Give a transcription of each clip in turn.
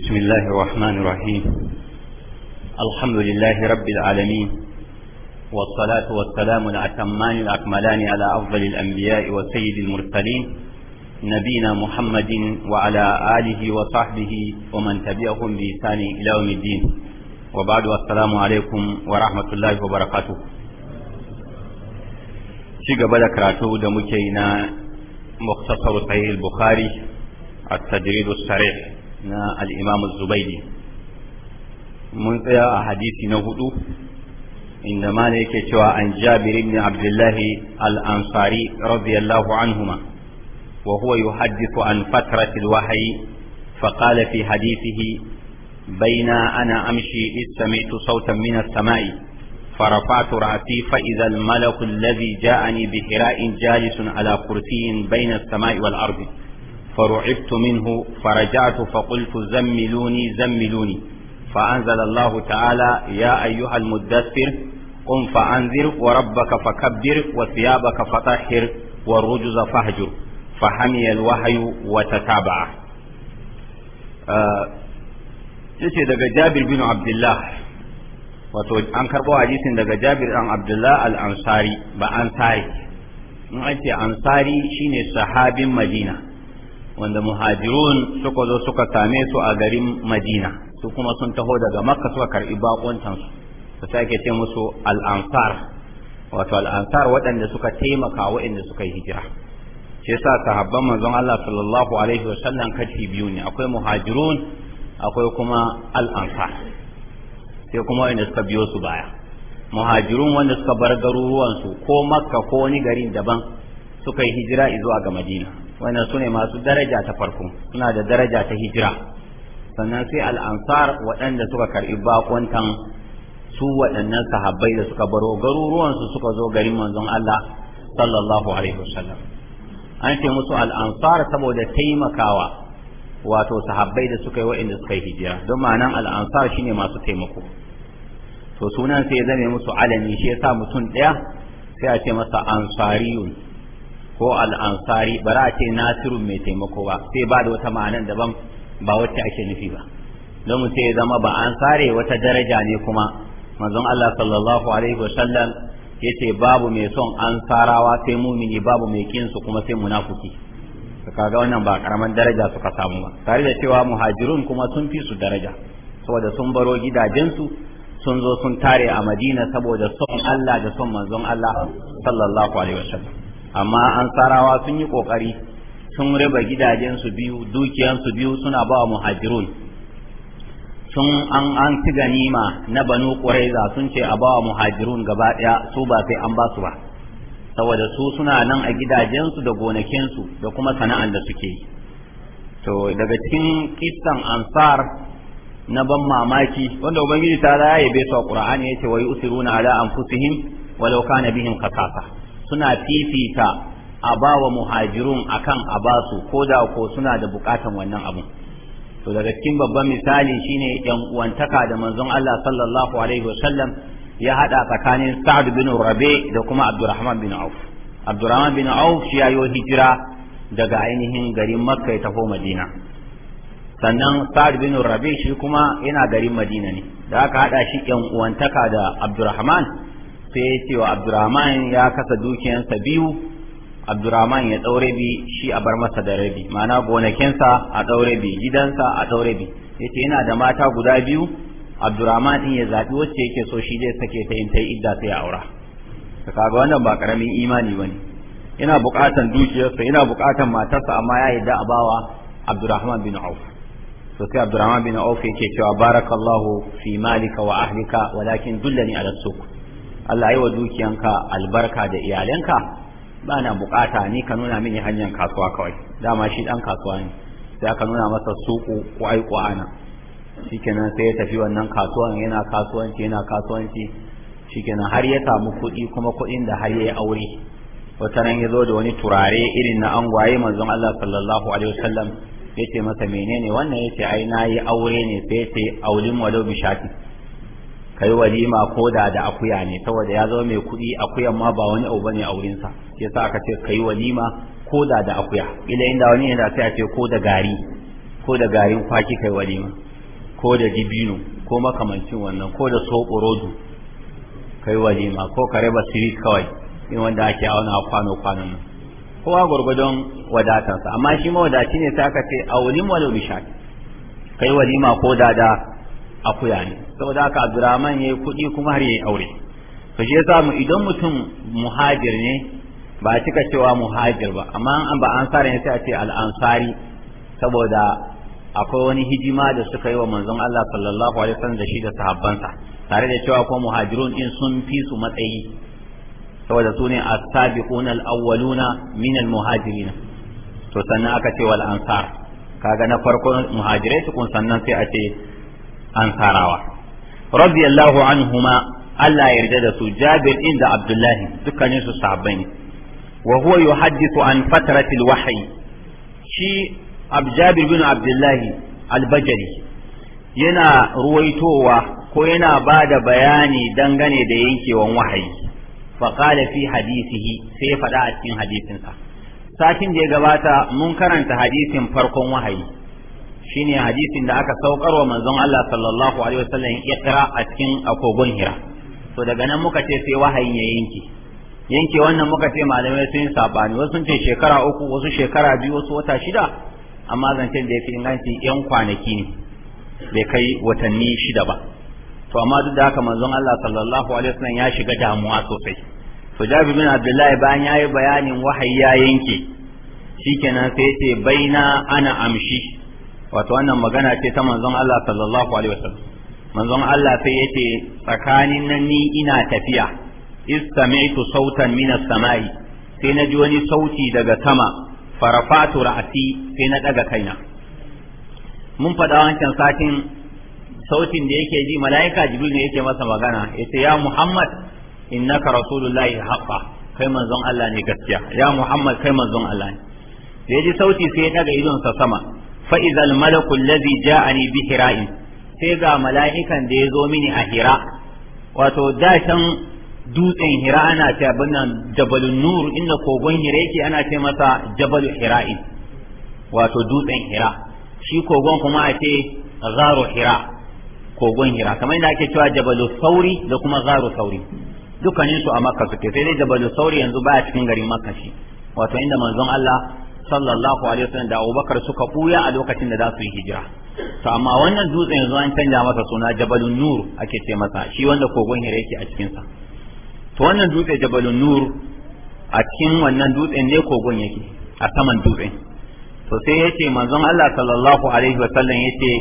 بسم الله الرحمن الرحيم الحمد لله رب العالمين والصلاة والسلام الأتمان الأكملان على أفضل الأنبياء وسيد المرسلين نبينا محمد وعلى آله وصحبه ومن تبعهم بإحسان إلى يوم الدين وبعد السلام عليكم ورحمة الله وبركاته شيء قبل da دمكينا مختصر صحيح البخاري muktasar الصريح na alimam zubaidi mun tsaya a hadisi na hudu inda ma yake cewa an jabir ibn abdullahi al-ansari radiyallahu anhuma wa huwa yuhaddithu an fatratil al-wahyi fa qala fi hadithihi bayna ana amshi istami'tu sautan min as-sama'i فرفعت رأسي فإذا الملك الذي جاءني بحراء جالس على كرسي بين السماء والأرض فرعبت منه فرجعت فقلت زملوني زملوني فأنزل الله تعالى يا أيها المدثر قم فأنذر وربك فكبر وثيابك فطهر والرجز فهجر فحمي الوحي وتتابع أه يسيد جابر بن عبد الله wato an karɓo hadisin daga Jabir ɗan Abdullah al-Ansari ba Ansari in ake Ansari shine wanda muhajirun suka zo suka same su a garin madina su kuma sun taho daga makka suka karbi bakontansu su sake ce musu al'ansar wato al'ansar waɗanda suka taimaka waɗanda suka yi hijira shi yasa sahabban manzon Allah sallallahu alaihi wa sallam kashi biyu ne akwai muhajirun akwai kuma al'ansar sai kuma waɗanda suka biyo su baya muhajirun wanda suka bar garuruwansu ko makka ko wani garin daban suka yi hijira zuwa ga madina wannan sune masu daraja ta farko suna da daraja ta hijira sannan sai al'ansar waɗanda suka karɓi bakontan su waɗannan sahabbai da suka baro garuruwansu suka zo garin manzon Allah sallallahu alaihi wasallam an ce musu al'ansar saboda taimakawa wato sahabbai da suka yi waɗanda suka yi hijira don ma'anan al'ansar ne masu taimako to sunan sai ya zame musu alami shi yasa mutum ɗaya sai a ce masa ansariyun ko al'ansari ba za a ce nasirun mai taimako ba sai ba da wata ma'anan daban ba wacce ake nufi ba don mu sai zama ba an sare wata daraja ne kuma manzon Allah sallallahu alaihi wa sallam yace babu mai son an sarawa sai mumini babu mai kin su kuma sai munafiki kaga wannan ba karaman daraja suka samu ba tare da cewa muhajirun kuma sun fi su daraja saboda sun baro gidajensu sun zo sun tare a Madina saboda son Allah da son manzon Allah sallallahu alaihi wa sallam amma ansarawa sun yi kokari sun raba gidajensu biyu dukiyansu biyu suna ba wa muhajirun sun an an ci ganima na banu quraiza sun ce a ba wa muhajirun gaba daya su ba sai an ba su ba saboda su suna nan a gidajensu da gonakinsu da kuma sana'an da suke yi to daga cikin kistan ansar na ban mamaki wanda ubangiji ta ya bai su a qur'ani yace wa yusiruna ala anfusihim walau kana bihim khasasa suna fifita a bawa muhajirun akan a basu ko da ko suna da bukatan wannan abun to daga cikin babban misali shine yan uwantaka da manzon Allah sallallahu alaihi wasallam ya haɗa tsakanin Sa'ad bin Rabi da kuma Abdurrahman bin Auf Abdurrahman bin Auf shi wa hijira daga ainihin garin Makka ya taho Madina sannan Sa'd bin Rabi shi kuma yana garin Madina ne da aka haɗa shi yan uwantaka da Abdurrahman sai ya ce wa abdurrahman ya kasa dukiyansa biyu abdurrahman ya ɗaure bi shi a bar masa da rabi ma'ana gonakinsa a ɗaure bi gidansa a ɗaure bi ya ce yana da mata guda biyu abdurrahman ɗin ya zaɓi wacce yake so shi zai sake ta in ta idda sai ya aura kaga wannan ba ƙaramin imani ba ne yana buƙatan dukiyarsa yana buƙatan matarsa amma ya yarda a bawa abdurrahman bin auf to sai abdurrahman bin auf yake cewa barakallahu fi malika wa ahlika walakin dullani ala suq Allah yi wa dukiyanka albarka da iyalanka ba na bukata ni ka nuna mini hanyar kasuwa kawai dama shi dan kasuwa ne sai aka nuna masa suku ko ai ana shikenan sai ya tafi wannan kasuwan yana kasuwanci yana kasuwanci shikenan har ya samu kuɗi kuma kuɗin da har ya yi aure wata nan ya zo da wani turare irin na angwaye manzon Allah sallallahu alaihi wasallam yace masa menene wannan yace ai nayi aure ne sai yace aulin walau bishati kai walima ko da da akuya ne saboda ya zama mai kuɗi akuyan ma ba wani abu bane a wurinsa sa yasa aka ce kai walima ko da da akuya ila inda wani yana sai a ce ko da gari ko da garin kwaki kai walima ko da dibino ko makamancin wannan ko da soɓorodu kai walima ko ka raba sirit kawai in wanda ake auna kwano kwanon nan kowa gwargwadon wadatarsa amma shi mawadaci ne sai aka ce a wani walau bishaki kai walima ko da da akuya ne saboda haka abdurrahman yayi kuɗi kuma har yayi aure to shi yasa mu idan mutum muhajir ne ba a cika cewa muhajir ba amma an ba an ne sai a ce al'ansari saboda akwai wani hijima da suka yi wa manzon Allah sallallahu alaihi wasallam da shi da sahabbansa tare da cewa ko muhajirun in sun fi su matsayi saboda su ne as-sabiquna al-awwaluna min al-muhajirin to sannan aka ce wal ansar kaga na farko muhajirai tukun sannan sai a ce ansarawa radiyallahu anhuma Allah ya yarda da su Jabir inda Abdullahi dukkanin su sahabbai ne wa huwa yuhaddithu an fatratil wahyi shi Jabir bin Abdullahi al-Bajali yana ruwaitowa ko yana ba da bayani dangane da yankewan wahayi faƙala fi hadisihi sai ya faɗa a cikin hadisinsa satin da ya gabata mun karanta hadisin farkon wahayi shine hadisin da aka saukar wa manzon Allah sallallahu alaihi wasallam iqra a cikin akogon hira to daga nan muka ce sai wahayi ya yanke yanke wannan muka ce malamai sun sabani wasu sun ce shekara uku wasu shekara biyu wasu wata shida amma zancen da fi inganci yan kwanaki ne bai kai watanni shida ba to amma duk da haka manzon Allah sallallahu alaihi wasallam ya shiga damuwa sosai to Jabir bin Abdullahi bayan yayi bayanin wahayi ya yanke shikenan sai ce baina ana amshi wato wannan magana ce ta manzon Allah sallallahu alaihi wasallam manzon Allah sai yace tsakanin nan ni ina tafiya istami'tu sautan min as-sama'i sai na ji wani sauti daga sama farafatu ra'ati sai na daga kaina mun faɗa wancan satin sautin da yake ji mala'ika jibril ne yake masa magana yace ya muhammad innaka rasulullahi haqqa kai manzon Allah ne gaskiya ya muhammad kai manzon Allah ne da ya ji sauti sai ya daga idonsa sama fa idhal malaku allazi ja'ani bi hira'in sai ga mala'ikan da ya zo mini a hira wato da can dutsen hira ana ce abin nan jabalun nur inda kogon hira yake ana ce masa jabalu hira'in wato dutsen hira shi kogon kuma a ce gharu hira kogon hira kamar yadda ake cewa jabalu sauri da kuma gharu sauri dukkanin a suke sai dai jabalu sauri yanzu baya cikin garin makka shi wato inda manzon Allah sallallahu alaihi wasallam da Abubakar suka buya a lokacin da za su yi hijira to amma wannan dutsen yanzu an canja masa suna Jabalun Nur ake ce masa shi wanda kogon Hira yake a cikin sa to wannan dutse Jabalun Nur a cikin wannan dutsen ne kogon yake a saman dutsen to sai yace manzon Allah sallallahu alaihi wasallam yace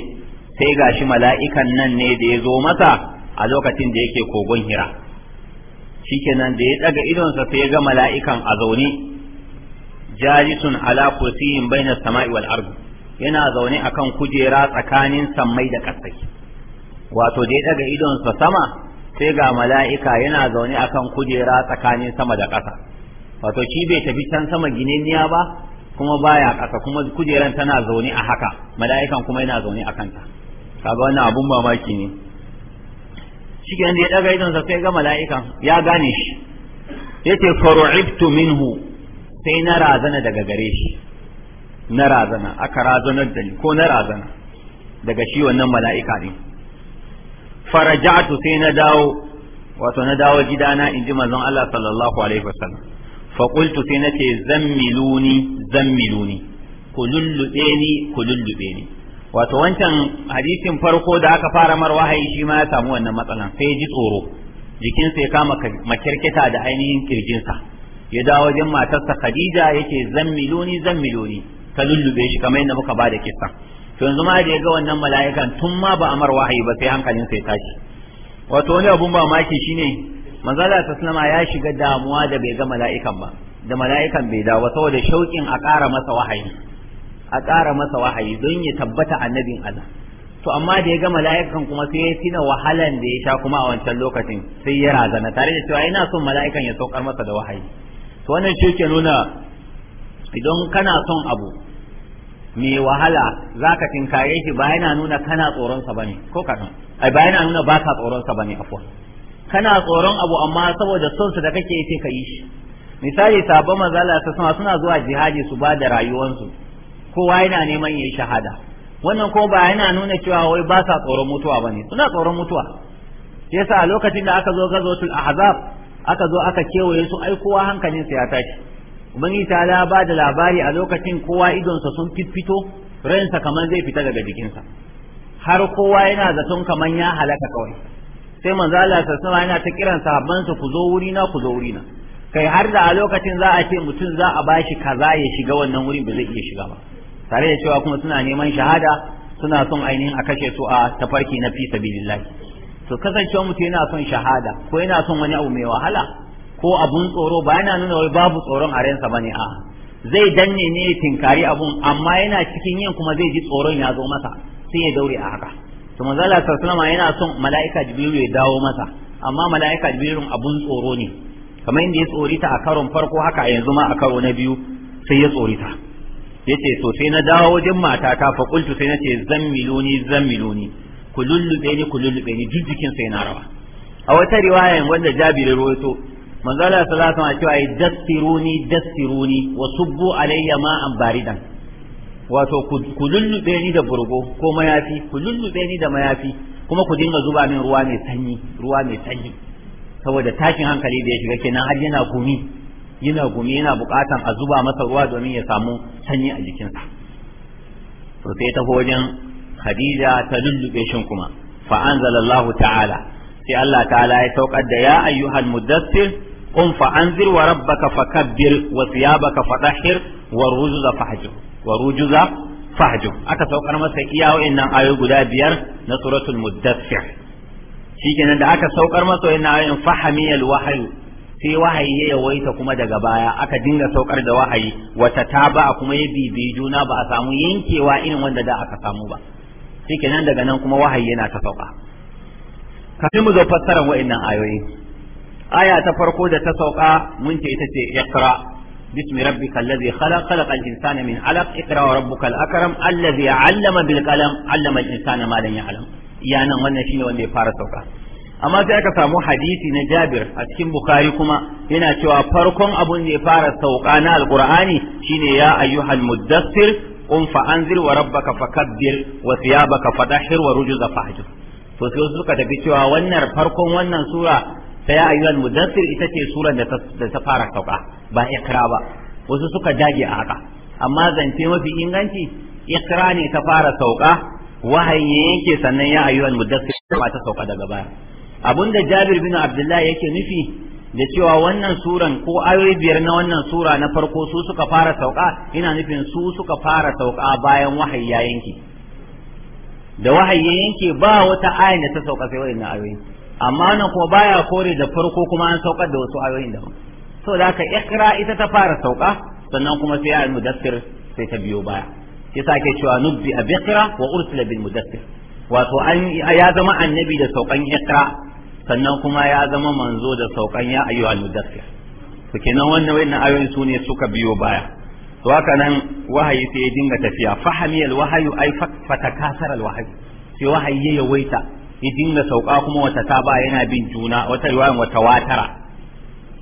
sai gashi mala'ikan nan ne da ya zo masa a lokacin da yake kogon Hira shikenan da ya daga idonsa sai ya ga mala'ikan a zaune jalisun ala kursiyin bainas sama'i wal ardi yana zaune akan kujera tsakanin samai da ƙasai wato dai daga idon sa sama sai ga mala'ika yana zaune akan kujera tsakanin sama da kasa wato shi bai tafi can sama ginenniya ba kuma baya kasa kuma kujeran tana zaune a haka mala'ikan kuma yana zaune a kanta kaga wannan abun mamaki ne shi da ya daga sa sai ga mala'ikan ya gane shi yace faru'ibtu minhu sai na razana daga gare shi na razana aka razanar da ni ko na razana daga shi wannan mala'ika ne. faraja'tu sai na dawo wato na dawo gidana in ji manzon Allah sallallahu alaihi wasallam fa qultu sai nace zammiluni zammiluni ku lullube ni ku lullube ni wato wancan hadisin farko da aka fara mar wahayi shi ma ya samu wannan matsalan sai ji tsoro jikinsa ya kama makirkita da ainihin kirjinsa ya dawo wajen matarsa Khadija yake zammiluni zammiluni ta lullube shi kamar yadda muka bada kissa to yanzu ma da ya ga wannan mala'ikan tun ma ba amar wahayi ba sai hankalin sai tashi wato wani abun ba maki shine manzo Allah sallama ya shiga damuwa da bai ga mala'ikan ba da mala'ikan bai dawo saboda shauƙin a ƙara masa wahayi a ƙara masa wahayi don ya tabbata annabin Allah to amma da ya ga mala'ikan kuma sai ya tina wahalan da ya sha kuma a wancan lokacin sai ya razana tare da cewa yana son mala'ikan ya saukar masa da wahayi to wannan shi ke nuna idan kana son abu mai wahala za ka tinkare shi ba yana nuna kana tsoronsa ba ne ko kaɗan ai ba yana nuna ba ka tsoronsa ba ne afuwa kana tsoron abu amma saboda sonsa da kake yake ka yi shi misali sabon mazala ta sama suna zuwa jihadi su ba da rayuwansu kowa yana neman yi shahada wannan ko ba yana nuna cewa wai ba sa tsoron mutuwa ba ne suna tsoron mutuwa yasa a lokacin da aka zo tul ahzab aka zo aka kewaye su ai kowa hankalinsa ya tashi ubangiji ta la ba da labari a lokacin kowa idonsa sun fito ransa kamar zai fita daga jikinsa har kowa yana zaton kamar ya halaka kawai sai manzo Allah sallallahu yana ta kiran sahabban su ku zo wuri na ku zo wuri na kai har da a lokacin za a ce mutum za a bashi kaza ya shiga wannan wurin ba zai iya shiga ba tare da cewa kuma suna neman shahada suna son ainihin a kashe su a tafarki na fi sabilillahi to kasancewa mutum yana son shahada ko yana son wani abu mai wahala ko abun tsoro ba yana nuna wai babu tsoron a ba ne. a zai danne ne ya tinkari abun amma yana cikin yin kuma zai ji tsoron ya zo masa sai ya daure a haka to manzo Allah sallallahu yana son mala'ika jibril ya dawo masa amma mala'ika jibrilun abun tsoro ne kamar inda ya tsorita a karon farko haka yanzu ma a karo na biyu sai ya tsorita yace to sai na dawo wajen matata fa qultu sai nace zammiluni zammiluni ku lullube ni ku lullube ni duk jikin sai na rawa a wata riwaya wanda Jabir rawaito manzo Allah sallallahu alaihi wasallam cewa dassiruni dassiruni wa subbu alayya an baridan wato ku lullube ni da burgo ko mayafi ku lullube ni da mayafi kuma ku dinga zuba min ruwa mai sanyi ruwa mai sanyi saboda tashin hankali da ya shiga kenan har yana gumi yana gumi yana bukatan a zuba masa ruwa domin ya samu sanyi a jikinsa to sai ta wajen khadija ta lullube shin kuma fa anzalallahu ta'ala sai Allah ta'ala ya saukar da ya ayyuhal mudaththir qum fa anzir wa rabbaka fakabbir wa thiyabaka fadahhir wa rujuza fahjur wa rujuza fahjur aka saukar masa iya wa'annan ayoyi guda biyar na suratul mudaththir shikenan da aka saukar masa wa'annan ayoyin fahamiyal wahyu sai wahayi ya yawaita kuma daga baya aka dinga saukar da wahayi wata ta ba kuma ya bibiyi juna ba a samu yankewa irin wanda da aka samu ba shikenan daga nan kuma wahayi yana ta sauka kafin mu zo fassarar wa'annan ayoyi aya ta farko da ta sauka mun ce ita ce iqra باسم ربك الذي خلق خلق الإنسان من علق اقرأ وربك الأكرم الذي علم بالقلم علم الإنسان ما لم يعلم يعني wannan shine wanda ya fara sauka amma sai aka samu hadisi na Jabir a cikin Bukhari kuma yana cewa farkon abun da fara sauka na Alqur'ani shine ya ayyuhal muddassir qum fa anzir wa rabbaka fakabbir wa thiyabaka fadahhir wa rujuza fahjur to suka tafi cewa wannan farkon wannan sura ta ya ayyuhal mudaththir ita ce suran da ta fara sauka ba ikra ba wasu suka dage a haka amma zance mafi inganci ikra ne ta fara sauka wahayi yake sannan ya ayyuhal mudaththir ba ta sauka daga baya abunda Jabir bin Abdullah yake nufi da cewa wannan suran ko ayoyi biyar na wannan sura na farko su suka fara sauka ina nufin su suka fara sauka bayan wahayi ya yanke da wahayi ya yanke ba wata aya da ta sauka sai wannan ayoyi amma wannan kuma baya kore da farko kuma an saukar da wasu ayoyin so da ka ikra ita ta fara sauka sannan kuma sai al mudaththir sai ta biyo baya yasa ke cewa nubbi a wa ursila bil mudassir wato an ya zama annabi da saukan ikra sannan kuma ya zama manzo da saukan ya ayyu al-mudaththir to kenan wannan wani ayoyin su ne suka biyo baya to haka nan wahayi sai ya dinga tafiya fahami al-wahyu ay fatakasara al-wahyu sai wahayi ya yawaita ya dinga sauka kuma wata ta ba yana bin juna wata riwayan wata watara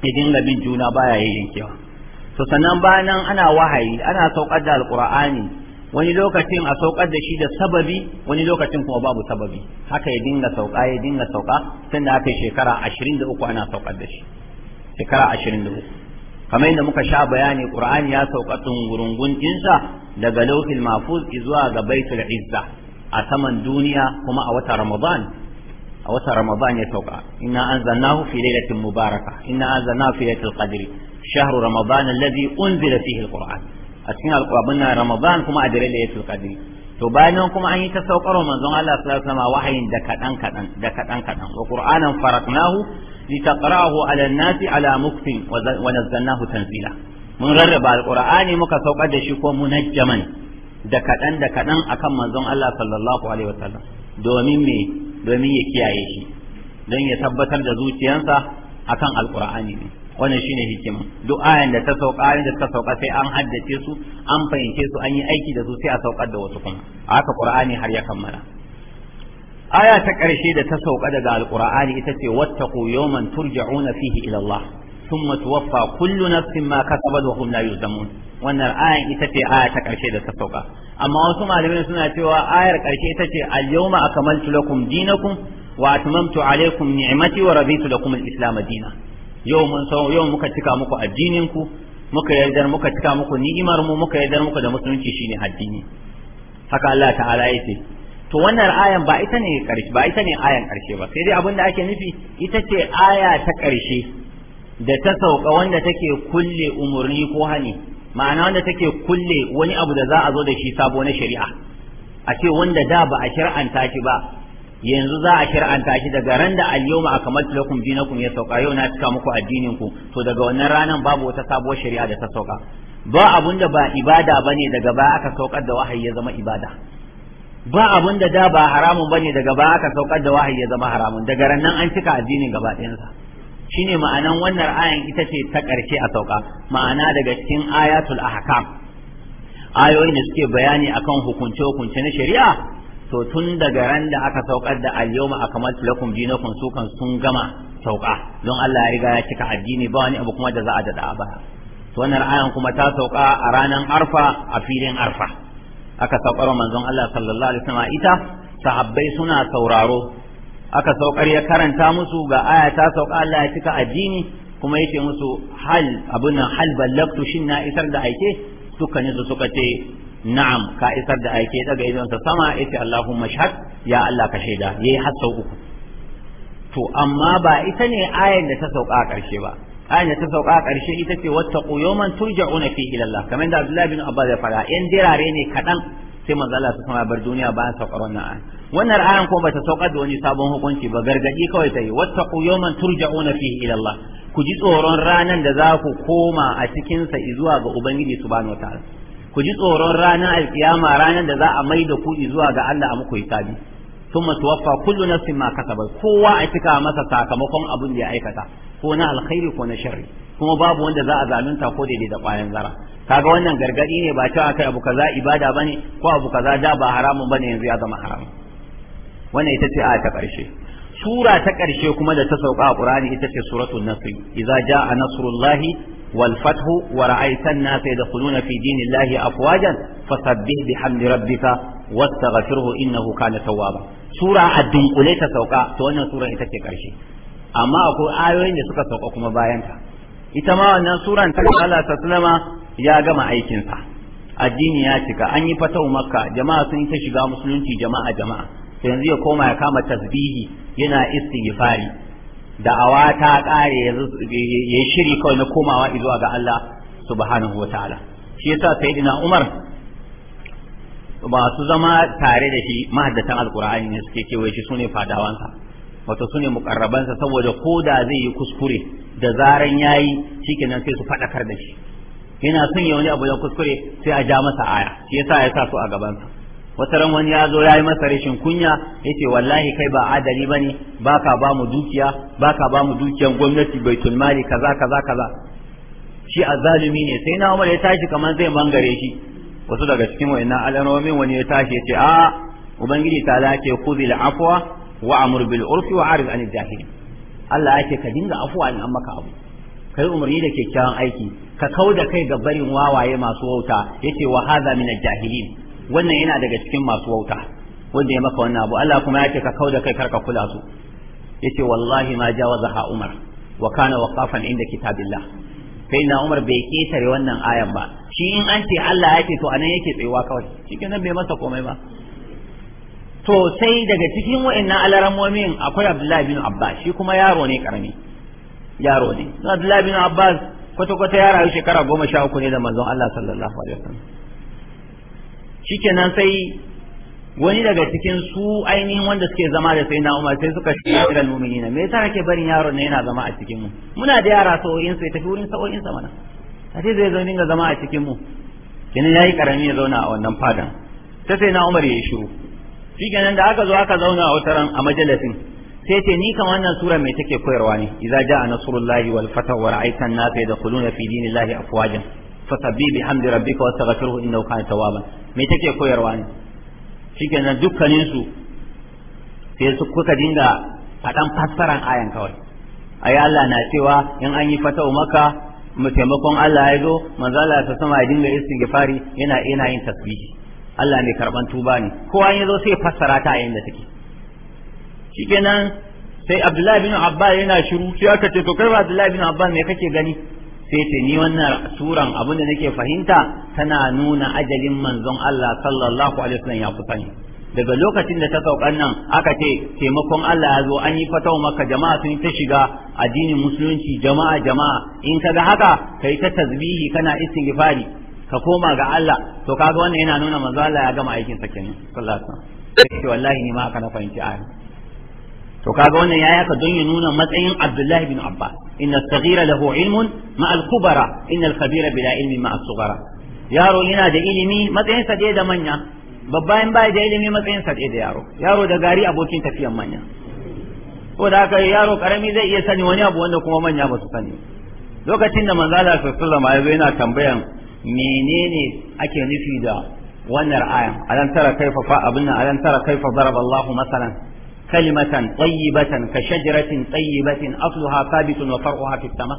ya dinga bin juna baya yayyankewa to sannan bayan ana wahayi ana saukar da alqur'ani wani lokacin a saukar da shi da sababi wani lokacin kuma babu sababi haka ya dinga sauka ya dinga sauka tun da aka shekara ashirin da uku ana saukar da shi shekara ashirin da uku kamar yadda muka sha bayani qur'ani ya sauka tungurungun ɗinsa daga lauhil mahfuz zuwa ga baitul izza a saman duniya kuma a wata ramadan a wata ramadan ya sauka inna anzalnahu fi lailatin mubaraka inna anzalnahu fi lailatul qadri shahru ramadan alladhi unzila fihi alquran a cikin alƙwabin na ramadan kuma a dare da yasul qadri to bayan kuma an yi ta saukarwa manzon Allah sallallahu alaihi wasallam wahayin da kadan kadan da kadan kadan wa qur'anan faraknahu litaqra'ahu 'ala an-nasi 'ala muktin wa nazzalnahu tanzila mun rarraba alqur'ani muka saukar da shi ko munajjaman da kadan da kadan akan manzon Allah sallallahu alaihi wasallam domin me domin ya kiyaye shi don ya tabbatar da zuciyarsa akan alqur'ani ne wannan shine hikima duk ayan da ta sauka ayan da ta sauka sai an haddace su an fahimce su an yi aiki da su sai a saukar da wasu kuma haka qur'ani har ya kammala aya ta ƙarshe da ta sauka daga alqur'ani ita ce wattaqu yawman turja'una fihi ila Allah thumma tuwaffa kullu nafsin ma kasabat wa hum la yuzlamun wannan ayan ita ce aya ta ƙarshe da ta sauka amma wasu malamai suna cewa ayar ƙarshe ita ce al-yawma akmaltu lakum dinakum wa atmamtu alaykum ni'mati wa raditu lakum al-islam dinan yau mun sau yau muka cika muku addinin ku muka yardar muka cika muku ni'imar mu muka yardar muku da musulunci shine addini haka Allah ta'ala yake to wannan ayan ba ita ne karshe ba ita ne ayan karshe ba sai dai abin da ake nufi ita ce aya ta karshe da ta sauka wanda take kulle umurni ko hani ma'ana wanda take kulle wani abu da za a zo da shi sabo na shari'a a ce wanda da ba a shari'anta shi ba yanzu za a shir'anta shi daga ran da al-yawma akmaltu lakum dinakum ya sauka yau na cika muku addinin ku to daga wannan ranan babu wata sabuwar shari'a da ta sauka ba abun da ba ibada bane daga baya aka saukar da wahayi ya zama ibada ba abun da da ba haramun bane daga baya aka saukar da wahayi ya zama haramun daga ran nan an cika addinin gaba ɗayansa shine ma'anan wannan ayan ita ce ta ƙarshe a sauka ma'ana daga cikin ayatul ahkam ayoyin da suke bayani akan hukunce hukunce na shari'a to tun daga ran da aka saukar da al a kamar lakum dinakum su kan sun gama sauka don Allah ya riga ya cika addini ba wani abu kuma da za a dada ba to wannan ayan kuma ta sauka a ranar arfa a filin arfa aka saukar manzon Allah sallallahu alaihi wasallam ita sahabbai suna sauraro aka saukar ya karanta musu ga aya ta sauka Allah ya cika addini kuma yace musu hal abuna hal ballaqtu shin na isar da aike dukkanin su suka ce na'am ka isar da aike daga idonsa sama yace Allahumma shahad ya Allah ka shaida yayi har sau uku to amma ba ita ne ayar da ta sauka a ƙarshe ba ayar da ta sauka a ƙarshe ita ce wattaqu yawman turja'una fi ila Allah kamar da Abdullah bin Abbas ya fara yan dirare ne kadan sai manzo Allah su sama bar duniya bayan saukar wannan ayar wannan ayar kuma bata sauka da wani sabon hukunci ba gargadi kawai ta yi wattaqu yawman turja'una fi ila Allah ku ji tsoron ranan da za ku koma a cikin sa zuwa ga Ubangiji subhanahu wataala ku ji tsoron ranar alkiyama ranar da za a mai da ku zuwa ga Allah a muku hisabi thumma kullum na nafsin ma kasabat kowa a cika masa sakamakon abin da ya aikata ko na alkhairi ko na sharri kuma babu wanda za a zalunta ko daidai da kwayan zara kaga wannan gargadi ne ba cewa kai abu kaza ibada bane ko abu kaza da ba haramun bane yanzu ya zama haram wannan ita ce a ta karshe sura ta ƙarshe kuma da ta sauka a Qur'ani ita ce suratul nasr idza jaa nasrullahi wal fathu wa ra'aita an-nasa yadkhuluna fi dinillahi afwajan fasabbih bihamdi rabbika wastaghfirhu innahu kana tawwaba sura haddin dunqule ta sauka to wannan sura ita ce ƙarshe amma akwai ayoyin da suka sauka kuma bayan ta ita ma wannan suran ta Allah sallama ya gama aikinsa addini ya cika an yi fatau makka jama'a sun ta shiga musulunci jama'a jama'a yanzu ya koma ya kama tasbihi yana istighfari awa ta kare ya shiri kawai na komawa zuwa ga Allah subhanahu wataala shi yasa sayyidina Umar masu zama tare da shi mahaddatan alqur'ani ne suke kewaye shi sune fadawansa wato sune mukarrabansa saboda ko da zai yi kuskure da zaran yayi shikenan sai su fadakar da shi yana son ya wani abu ya kuskure sai a ja masa aya shi yasa ya sa su a gabansa wata ran wani ya zo ya yi masa rashin kunya ya ce wallahi kai ba adali ba ne, ba ka ba mu dukiya ba ka ba mu dukiyan gwamnati bai mali kaza kaza kaza shi azalumi ne sai na Umar ya tashi kamar zai mangare shi wasu daga cikin wayannan alamomin wani ya tashi ya ce a ubangiji ta kuzi da afuwa wa amur bil urfi wa arif anil jahili Allah yake ka dinga afuwa in an maka abu kai umarni da kyakkyawan aiki ka kau da kai ga barin wawaye masu wauta yace wa hadha min jahilin wannan yana daga cikin masu wauta wanda ya maka wannan abu Allah kuma ya ce ka da kai karka kula su yace wallahi ma jawazaha Umar wa kana waqafan inda kitabillah sai na Umar bai ketare wannan ayan ba shi in an ce Allah yake to anan yake tsayuwa kawai cikin nan bai masa komai ba to sai daga cikin wa'annan alaramomin akwai Abdullahi bin Abbas shi kuma yaro ne karami yaro ne Abdullahi bin Abbas kwata-kwata ya rayu shekara goma sha uku ne da manzon Allah sallallahu alaihi wasallam shikenan sai wani daga cikin su ainihin wanda suke zama da sai na umar sai suka shi kiran mu'minina me yasa kake barin yaron na yana zama a cikin mu muna da yara sa'o'in sai tafi wurin sa'o'in sa mana sai zai zo dinga zama a cikin mu kenan yayi karami ya zauna a wannan fadan sai sai na umar yi shiru shikenan da aka zo aka zauna a wataran a majalisin sai ce ni kan wannan sura mai take koyarwa ne idza jaa nasrullahi wal fatah wa da nas yadkhuluna fi dinillahi afwajan fasabbi hamdi rabbika wastaghfirhu innahu kana tawwaban me take koyarwa ne shikenan dukkanin su sai su kuka dinga fadan fassaran ayan kawai ai Allah na cewa in an yi fatawa maka taimakon Allah ya zo manzo Allah ta sama ya dinga istighfari yana yana yin tasbihi Allah ne karban tuba ne kowa ya zo sai fassara ta ayin da take shikenan sai Abdullahi bin Abbas yana shiru sai aka ce to kai Abdullahi bin Abbas me kake gani sai ce ni wannan turan abin da nake fahimta tana nuna ajalin manzon Allah sallallahu alaihi wasallam ya kusa ne daga lokacin da ta saukan nan aka ce taimakon Allah ya zo an yi fatawa maka jama'a sun ta shiga addinin musulunci jama'a jama'a in ka ga haka kai ta tasbihi kana istighfari ka koma ga Allah to kaga wannan yana nuna manzo Allah ya gama aikin sa kenan sallallahu alaihi wasallam wallahi ni ma aka na fahimci ayi to kaga wannan yayi haka don ya nuna matsayin Abdullahi bin Abbas inna as-saghira lahu ilmun ma al-kubara inna al-kabira bila ilmi ma as-sughara yaro yana da ilimi matsayin sa da manya babba in bai da ilimi matsayin sa da yaro yaro da gari abokin tafiyan manya ko da haka yaro karami zai iya sani wani abu wanda kuma manya ba su sani lokacin da manzo Allah sallallahu alaihi wasallam yana tambayan menene ake nufi da wannan ayan alan tara kaifa fa abinna alan tara kaifa daraba Allahu masalan kalimatan tayyibatan ka shajaratin tayyibatin asluha thabitun wa far'uha fis sama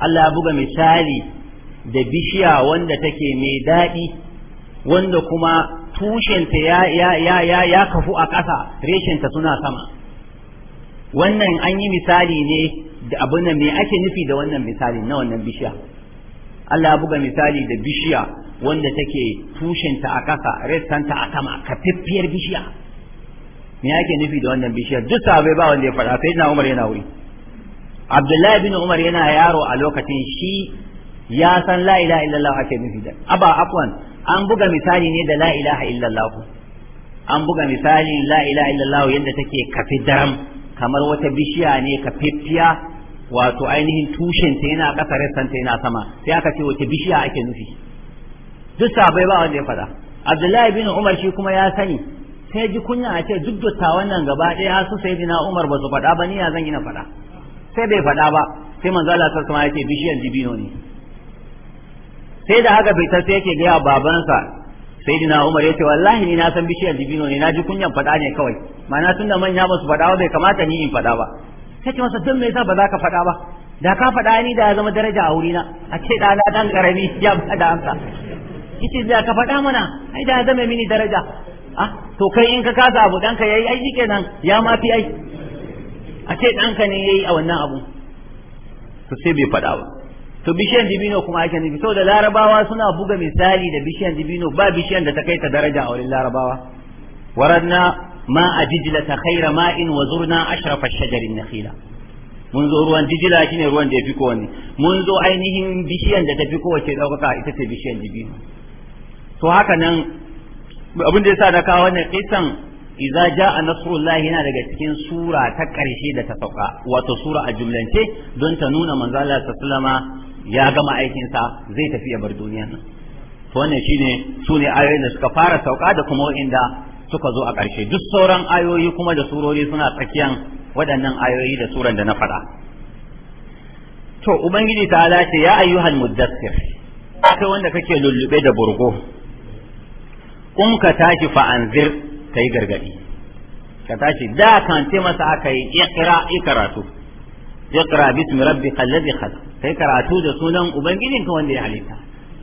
Allah buga misali da bishiya wanda take mai daɗi wanda kuma tushenta ya ya ya ya kafu a ƙasa reshenta suna sama wannan an yi misali ne da abin da me ake nufi da wannan misali na wannan bishiya Allah buga misali da bishiya wanda take tushenta a ƙasa restanta a sama kafaffiyar bishiya me yake nufi da wannan bishiyar duk sabai ba wanda ya faɗa sai na Umar yana wuri Abdullahi bin Umar yana yaro a lokacin shi ya san la ilaha illallah ake nufi da aba afwan an buga misali ne da la ilaha illallah an buga misali la ilaha illallah yadda take kafi daram kamar wata bishiya ne kafiffiya wato ainihin tushen ta yana ƙasa rassan ta yana sama sai aka ce wace bishiya ake nufi duk sabai ba wanda ya faɗa Abdullahi bin Umar shi kuma ya sani sai ji kunya a ce duk dattawan nan gaba ɗaya su sai dina Umar ba su faɗa ba ni ya zan yi na faɗa sai bai faɗa ba sai manzo Allah sallallahu alaihi wasallam yake bishiyar dibino ne sai da haka bai sai yake ga babansa sai dina Umar yace wallahi ni na san bishiyar dibino ne na ji kunyan faɗa ne kawai ma'ana tunda manya ba su faɗa ba bai kamata ni in faɗa ba sai ce masa don me yasa ba za ka faɗa ba da ka faɗa ni da ya zama daraja a wurina a ce ɗana dan ƙarami ya ba da amsa ita da ka faɗa mana ai da ya zama mini daraja ah to kai in ka kasa abu danka yayi ai kenan ya ma fi ai a ce danka ne yayi a wannan abu to sai bai faɗa ba to bishiyan dibino kuma ake nufi da larabawa suna buga misali da bishiyan dibino ba bishiyan da ta kai ta daraja a wurin larabawa waradna ma a dijila ta khaira ma'in wa zurna ashrafa shajarin nakhila mun zo ruwan dijila shine ruwan da ya fi kowanne mun zo ainihin bishiyan da ta fi kowace ɗaukaka, ita ce bishiyan dibino to haka nan abin da yasa na kawo wannan kisan idza jaa nasrullahi yana daga cikin sura ta karshe da ta sauka wato sura a jumlance don ta nuna manzo Allah sallama ya gama aikin sa zai tafi ya bar duniya nan to wannan shine sune ayoyin da suka fara sauka da kuma inda suka zo a ƙarshe duk sauran ayoyi kuma da surori suna tsakiyan waɗannan ayoyi da suran da na faɗa to ubangiji ta ce ya ayyuhal muddassir kai wanda kake lullube da burgo in ka tashi fa'anzir ka yi gargaɗi ka tashi da kan ce masa aka yi iqra ikratu iqra bismi rabbikal ladhi khalaq kai karatu da sunan ka wanda ya halitta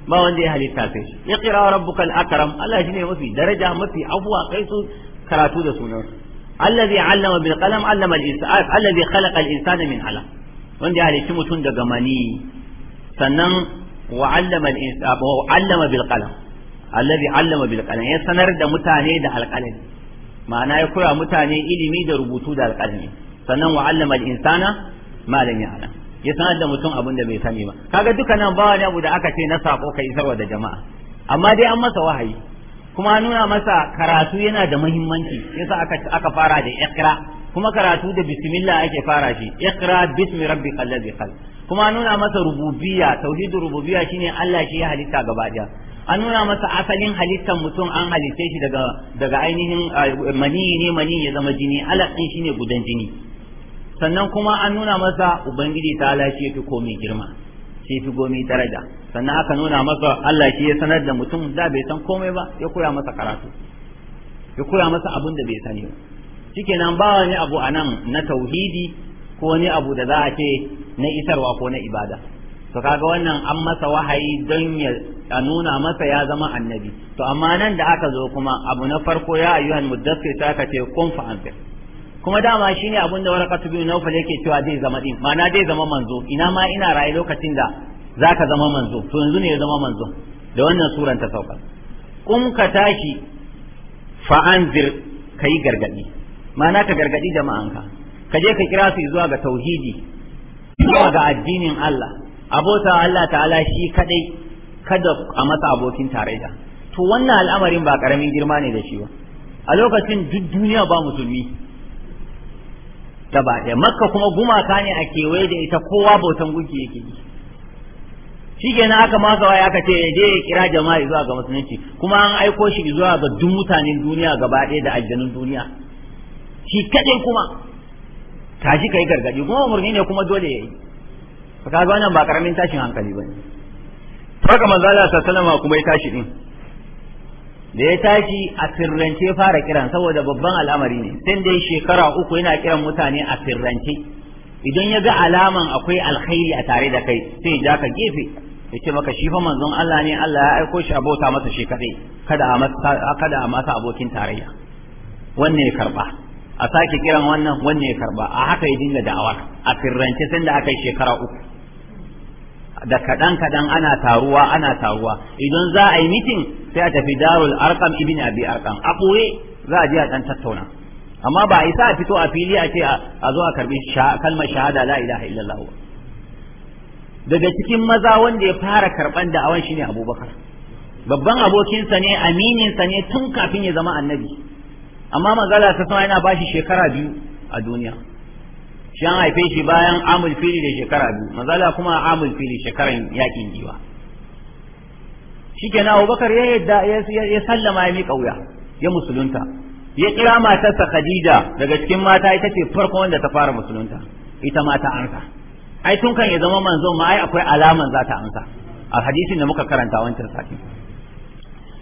ba wanda ya halitta sai shi rabbu kal akaram Allah shine mafi daraja mafi afwa kai su karatu da sunan alladhi allama bil qalam allama al insan ah, alladhi khalaqa al insana min alaq wanda ya halitta mutum daga mani sannan wa allama al insana wa allama bil qalam allazi allama bil qalam ya sanar da mutane da alqalami ma'ana ya koya mutane ilimi da rubutu da alqalami sannan wa allama al insana ma lam ya'lam ya sanar da mutum abin da bai sani ba kaga dukkanan ba wani abu da aka ce na sako kai sarwa da jama'a amma dai an masa wahayi kuma nuna masa karatu yana da muhimmanci yasa aka aka fara da iqra kuma karatu da bismillah ake fara shi iqra bismi rabbikal ladzi khalaq kuma nuna masa rububiyya tauhidur rububiyya shine Allah shi ya halitta gaba daya an nuna masa asalin halittar mutum an halitta shi daga daga ainihin mani ne mani ya zama jini alaq din shine gudan jini sannan kuma an nuna masa ubangiji ta ala shi yafi komai girma shi yafi komai daraja sannan aka nuna masa Allah shi ya sanar da mutum da bai san komai ba ya koya masa karatu ya koya masa abin da bai sani ba shikenan ba wani abu anan na tauhidi ko wani abu da za a ce na isarwa ko na ibada to kaga wannan an masa wahayi don ya a nuna masa ya zama annabi to amma nan da aka zo kuma abu na farko ya ayyuhan muddassir ta ka ce kun fa anfir kuma dama shine abin da warqatu bin nawfal yake cewa zai zama din ma'ana zai zama manzo ina ma ina raye lokacin da zaka zama manzo to yanzu ne ya zama manzo da wannan suran ta sauka kun ka tashi fa anzir kai gargadi ma'ana ka gargadi jama'anka ka je ka kira su zuwa ga tauhidi zuwa ga addinin Allah abota Allah ta'ala shi kadai kada a masa abokin tarayya to wannan al'amarin ba karamin girma ne da shi ba a lokacin duk duniya ba musulmi gaba ɗaya makka kuma gumaka ne a kewaye da ita kowa bautan gunki yake yi shi kenan aka masa waya aka ce ya je ya kira jama'a zuwa ga musulunci kuma an aiko shi zuwa ga duk mutanen duniya gaba ɗaya da aljanun duniya shi kaɗai kuma tashi kai gargaɗi kuma umarni ne kuma dole ya yi ka ga wannan ba karamin tashin hankali ba ne haka manzo Allah sallama kuma ya tashi din da ya tashi a sirrance fara kiran saboda babban al'amari ne sai dai shekara uku yana kiran mutane a sirrance idan ya ga alaman akwai alkhairi a tare da kai sai ya ka gefe ya ce maka shi fa manzon Allah ne Allah ya aiko shi abota masa shi kadai kada a masa abokin tarayya wanne ya karba a sake kiran wannan wanne ya karba a haka ya dinga da'awar a sirrance sai da aka yi shekara uku da kaɗan kaɗan ana taruwa ana taruwa idan za a yi mitin sai a tafi darul arkam ibn abi arkam a ɓoye za a je a ɗan tattauna amma ba isa a fito a fili a ce a zo a karɓi kalmar shahada la ilaha illallah daga cikin maza wanda ya fara karban da'awan shine abubakar babban abokinsa ne amininsa ne tun kafin ya zama annabi amma manzala ta sama yana bashi shekara biyu a duniya Shan an haife shi bayan amul fili da shekara biyu manzala kuma amul fili shekaran yakin giwa shikenan abubakar ya yadda ya sallama ya miƙa wuya ya musulunta ya kira matarsa khadija daga cikin mata ita ce farko wanda ta fara musulunta ita ma ta ansa ai tun kan ya zama manzon ma ai akwai alaman za ta ansa a hadisin da muka karanta wancan sati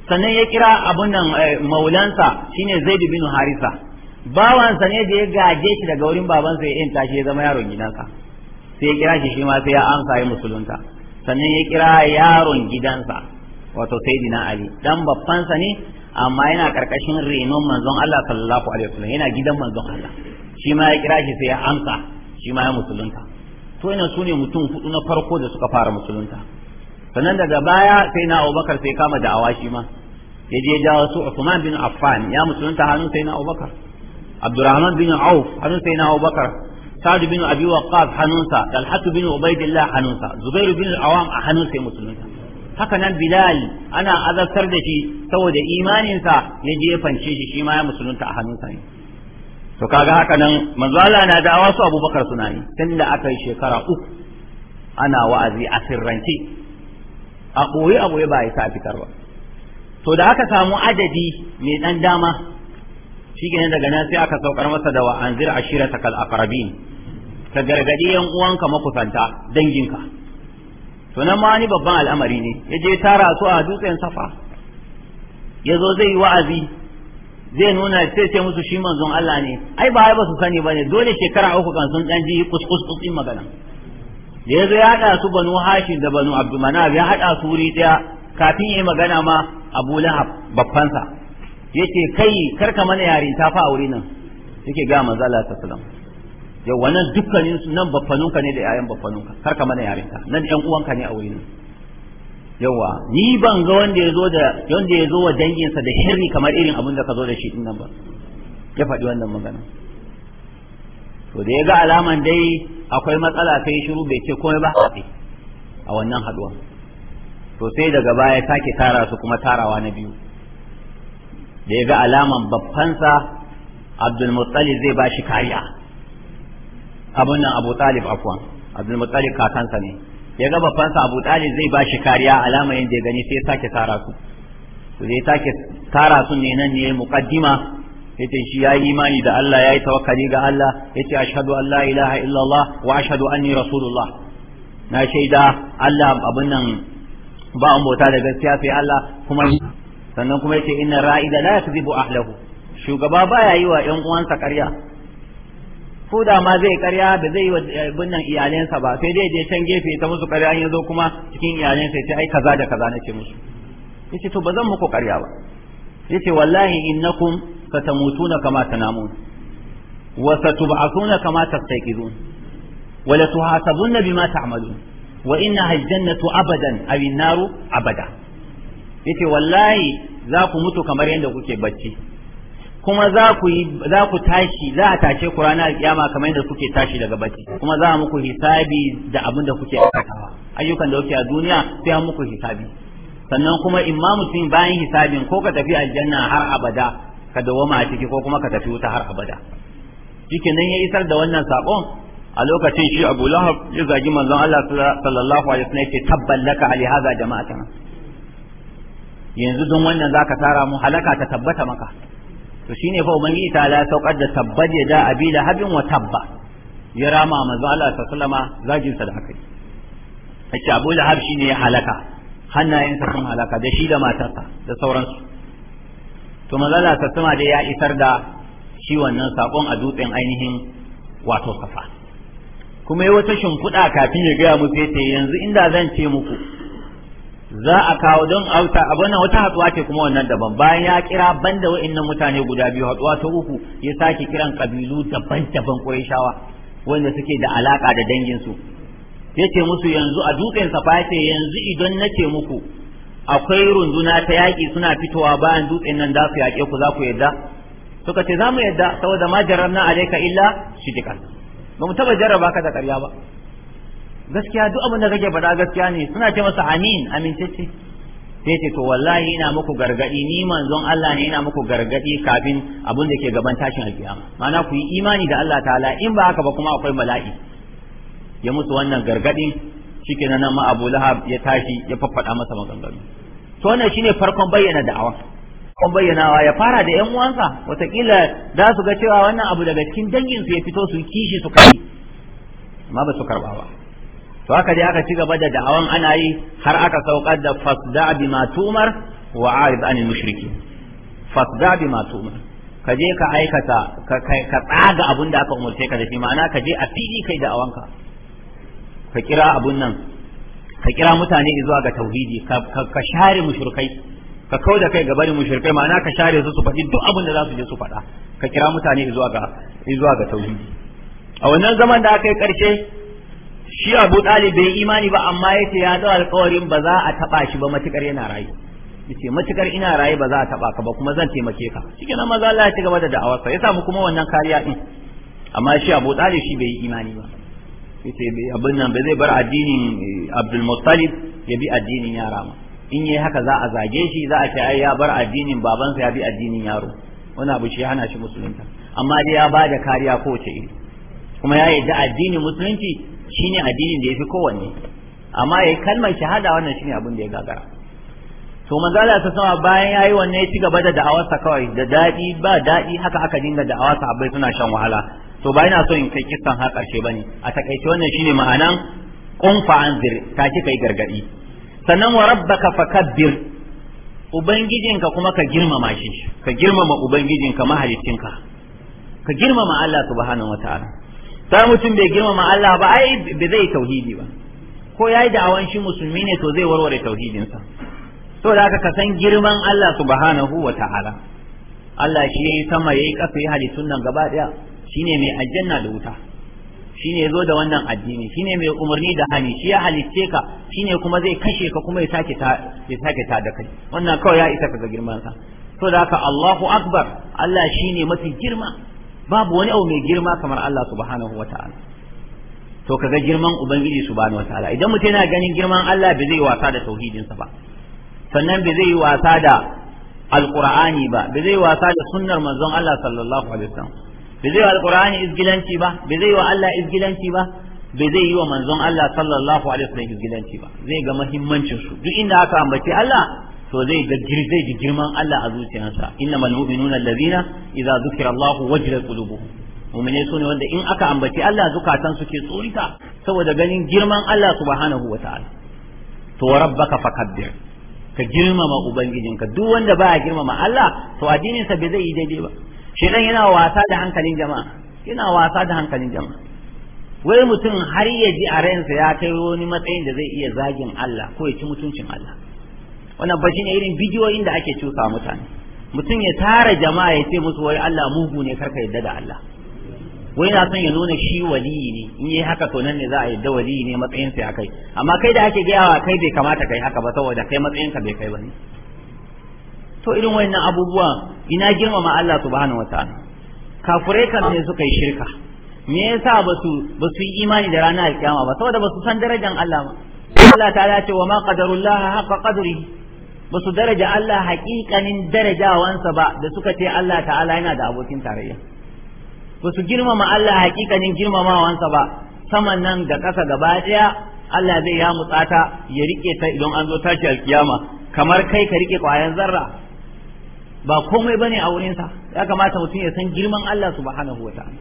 sannan ya kira abun nan eh, maulansa shine zaid bin harisa bawansa ne da ya gaje shi daga wurin babansa ya yanta shi ya zama yaron gidansa sai ya kira shi shi ma sai ya amsa ya musulunta sannan ya kira yaron gidansa wato sayyidina ali dan babbansa ne amma yana karkashin renon manzon Allah sallallahu alaihi wasallam yana gidan manzon Allah shi ma ya kira shi sai ya amsa shi ma ya musulunta to ina sune mutum hudu na farko da suka fara musulunta sannan daga baya sai na Abubakar sai kama da shi ma ya je jawo su Uthman bin Affan ya musulunta hannun sai na Abubakar abdurrahman bin auf hannun sai na abubakar sa'ad bin abi waqqas hannunsa talhat bin ubaidillah hannunsa zubair bin awam a hannun sai musulunta haka nan bilal ana azabtar da shi saboda imaninsa ya je ya fance shi shi ma ya musulunta a hannunsa ne to kaga haka nan manzo na da wasu abubakar suna ne tunda aka yi shekara uku ana wa'azi a sirrance a koyi a ba ya sa fitar ba to da aka samu adadi mai dan dama shikenan daga nan sai aka saukar masa da wa anzir ashiratakal aqrabin ka gargadi yan uwanka makusanta danginka to nan ma ni babban al'amari ne ya je tara su a dutsen safa ya zo zai yi wa'azi zai nuna sai ce musu shi manzon Allah ne ai ba ai ba su sani ne, dole shekara uku kan sun dan ji kuskus kusin magana da zo ya haɗa su banu hashim da banu abdulmanaf ya haɗa su wuri ɗaya kafin ya yi magana ma abu lahab babbansa yace kai karka mana ta fa aure nan yake ga manzo Allah sallallahu alaihi wasallam yau wannan dukkanin su nan baffanunka ne da yayan baffanunka karka mana ta nan ɗan uwanka ne aure nan yawa ni ban ga wanda ya zo da wanda ya zo wa danginsa da shirri kamar irin abin da ka zo da shi nan ba ya faɗi wannan magana to da ya ga alaman dai akwai matsala sai shiru bai ce komai ba a wannan haduwa to sai daga baya sake tara su kuma tarawa na biyu da ya ga alaman babbansa abdulmuttalib zai ba shi kariya abun nan abu talib afwan abdulmuttalib kakansa ne ya ga babbansa abu talib zai ba shi kariya alama yadda ya gani sai ya sake tara su to zai sake tara su ne nan ne muqaddima yace shi ya yi imani da Allah ya yi tawakkali ga Allah yace ashhadu an la ilaha illallah wa ashhadu anni rasulullah na shaida Allah abun nan ba an bauta da gaskiya sai Allah kuma sannan kuma yace inna ra'ida la yakzibu ahlahu shugaba baya yi wa ƴan uwansa ƙarya ko da ma zai ƙarya ba zai yi wa eh, bunnan iyalensa ba sai dai je can gefe ta musu ƙarya an yazo kuma cikin iyalensa yace ai kaza da kaza nace musu yace to ba zan muku ƙarya ba yace wallahi innakum satamutuna kama tanamun wa satub'athuna kama tastaqizun wa la tuhasabunna bima ta'malun wa innaha al abadan aw an-naru abada yace wallahi za ku mutu kamar yadda kuke bacci kuma za ku za ku tashi za a tashe ku ranar kiyama kamar yadda kuke tashi daga bacci kuma za a muku hisabi da abin da kuke aikatawa ayyukan da kuke a duniya sai a muku hisabi sannan kuma imma mutum bayan hisabin ko ka tafi aljanna har abada ka dawoma a ciki ko kuma ka tafi wuta har abada nan ya isar da wannan sakon a lokacin shi Abu Lahab ya zagi manzon Allah sallallahu alaihi wasallam yake tabballaka ali hadha jama'atan yanzu don wannan ka tara mu halaka ta tabbata maka to ne fa ubangiji ta la saukar da tabbat ya da da habin wa tabba ya rama manzo Allah sallama zagin sa da akai yace Abu Lahab ne ya halaka hannayensa sun halaka da shi da matarsa da sauransu to manzo Allah sallama dai ya isar da shi wannan sakon a dutsen ainihin wato safa kuma ya wata shimfiɗa kafin ya gaya musu yace yanzu inda zan ce muku za a kawo don auta abin wata hatsuwa ce kuma wannan daban bayan ya kira banda wa'annan mutane guda biyu hatsuwa ta uku ya sake kiran kabilu daban-daban Qurayshawa wanda suke da alaka da danginsu. Ya ce musu yanzu a dutsen safa ce yanzu idan na ce muku akwai runduna ta yaki suna fitowa bayan dutsen nan za su yaƙe ku za ku yadda suka ce za mu yadda saboda ma jarrabna alaika illa shidikan ba mu taba jarraba ka da ƙarya ba gaskiya duk abin da kake faɗa gaskiya ne suna ce masa amin ce sai ce to wallahi ina muku gargadi ni manzon Allah ne ina muku gargadi kafin abin da ke gaban tashin alkiyama ma'ana ku yi imani da Allah ta'ala in ba haka ba kuma akwai mala'i ya musu wannan gargadin shike nan ma Abu Lahab ya tashi ya faffada masa maganganu to wannan shine farkon bayyana da'awa farkon bayyanawa ya fara da ƴan uwansa watakila za su ga cewa wannan abu daga cikin dangin su ya fito su kishi su kai amma ba su karba ba to haka dai aka ci gaba da da'awan ana yi har aka saukar da fasda bima tumar wa arid an mushriki fasda bima tumar ka je ka aikata ka tsaga abin da aka umarce ka da shi ma'ana ka je a fili kai da'awanka ka kira abun nan ka kira mutane zuwa ga tauhidi ka share mushrikai ka kawo da kai ga bari mushrikai ma'ana ka share su su faɗi duk abin da za su je su faɗa ka kira mutane zuwa ga zuwa ga tauhidi a wannan zaman da aka yi ƙarshe shi Abu Talib bai imani ba amma yace ya dau alƙawarin ba za a taba shi ba matukar yana rayu yace matukar ina raye ba za a taba ka ba kuma zan taimake ka kenan maza Allah ya ci gaba da da'awarsa ya samu kuma wannan kariya din amma shi Abu Talib shi bai imani ba yace abin nan ba zai bar addinin eh, Abdul Muttalib ya bi addinin yara ma in yi haka za a zage shi za a ce ai ya bar addinin babansa ya bi addinin yaro wani abu shi hana shi musulunta amma dai ya ba da kariya kowace iri kuma ya yi da addinin musulunci shine addinin da yafi kowanne amma yayi kalmar shahada wannan shine abin da ya gagara to manzo Allah ta sama bayan yayi wannan ya ci gaba da da'awarsa kawai da dadi ba dadi haka aka dinga da'awarsa abai suna shan wahala to ba ina so in kai kissan har karshe bane a takaice wannan shine ma'anan fa anzir ta ki kai gargadi sannan wa rabbaka fakabbir ubangijinka kuma ka girmama shi ka girmama ubangijinka mahalicinka ka girmama Allah subhanahu wataala sai mutum bai girmama Allah ba ai bai zai tauhidi ba ko yayi da shi musulmi ne to zai warware tauhidinsa to da haka ka san girman Allah subhanahu wa ta'ala Allah shi yayi sama yayi kafa ya halittun nan gaba daya shine mai aljanna da wuta shine yazo da wannan addini shine mai umarni da hani shi ya halicce ka shine kuma zai kashe ka kuma ya sake ta ya sake ta da kai wannan kawai ya isa ka ga girman sa to da haka Allahu akbar Allah shine mafi girma babu wani abu mai girma kamar Allah subhanahu wata'ala to kaga girman ubangiji subhanahu wata'ala idan mutum yana ganin girman Allah bai zai wasa da tauhidinsa ba sannan bai zai wasa da alqur'ani ba bai zai wasa da sunnar manzon Allah sallallahu alaihi wasallam bai zai wa alqur'ani izgilanci ba bai zai wa Allah izgilanci ba bai zai yi wa manzon Allah sallallahu alaihi wasallam izgilanci ba zai ga muhimmancin su duk inda aka ambaci Allah to zai ga zai ji girman Allah a zuciyarsa innamal mu'minuna allazina idza dhukira Allah wajilat qulubuhum mu'mine su ne wanda in aka ambaci Allah zukatan su ke tsorita saboda ganin girman Allah subhanahu wataala to rabbaka fakabbir ka girmama ubangijinka duk wanda ba girmama Allah to addininsa bai zai yi daidai ba shedan yana wasa da hankalin jama'a yana wasa da hankalin jama'a wai mutum har ya ji a ransa ya kai wani matsayin da zai iya zagin Allah ko ya ci mutuncin Allah wannan ba shine irin bidiyoyin da ake cusa mutane mutum ya tara jama'a ya ce musu wai Allah mugu ne karka yadda da Allah wai na son ya nuna shi waliyi ne in yi haka to nan ne za a yadda waliyi ne matsayin sai akai amma kai da ake gaya kai bai kamata kai haka ba saboda kai matsayin ka bai kai ba ne to irin wannan abubuwa ina girmama Allah subhanahu wataala kafurai kan ne suka yi shirka me yasa ba su ba su yi imani da ranar kiyama ba saboda ba su san darajar Allah ba Allah ta ce wa ma qadarullah haqa qadrihi ba su daraja Allah haƙiƙanin darajawansa ba da suka ce Allah ta'ala yana da abokin tarayya ba su girmama Allah haƙiƙanin girmamawansa ba saman nan da ƙasa gaba ɗaya Allah zai ya mutsata ya rike ta idan an zo tashi alkiyama kamar kai ka rike ƙwayan zarra ba komai bane a wurinsa ya kamata mutum ya san girman Allah subhanahu wataala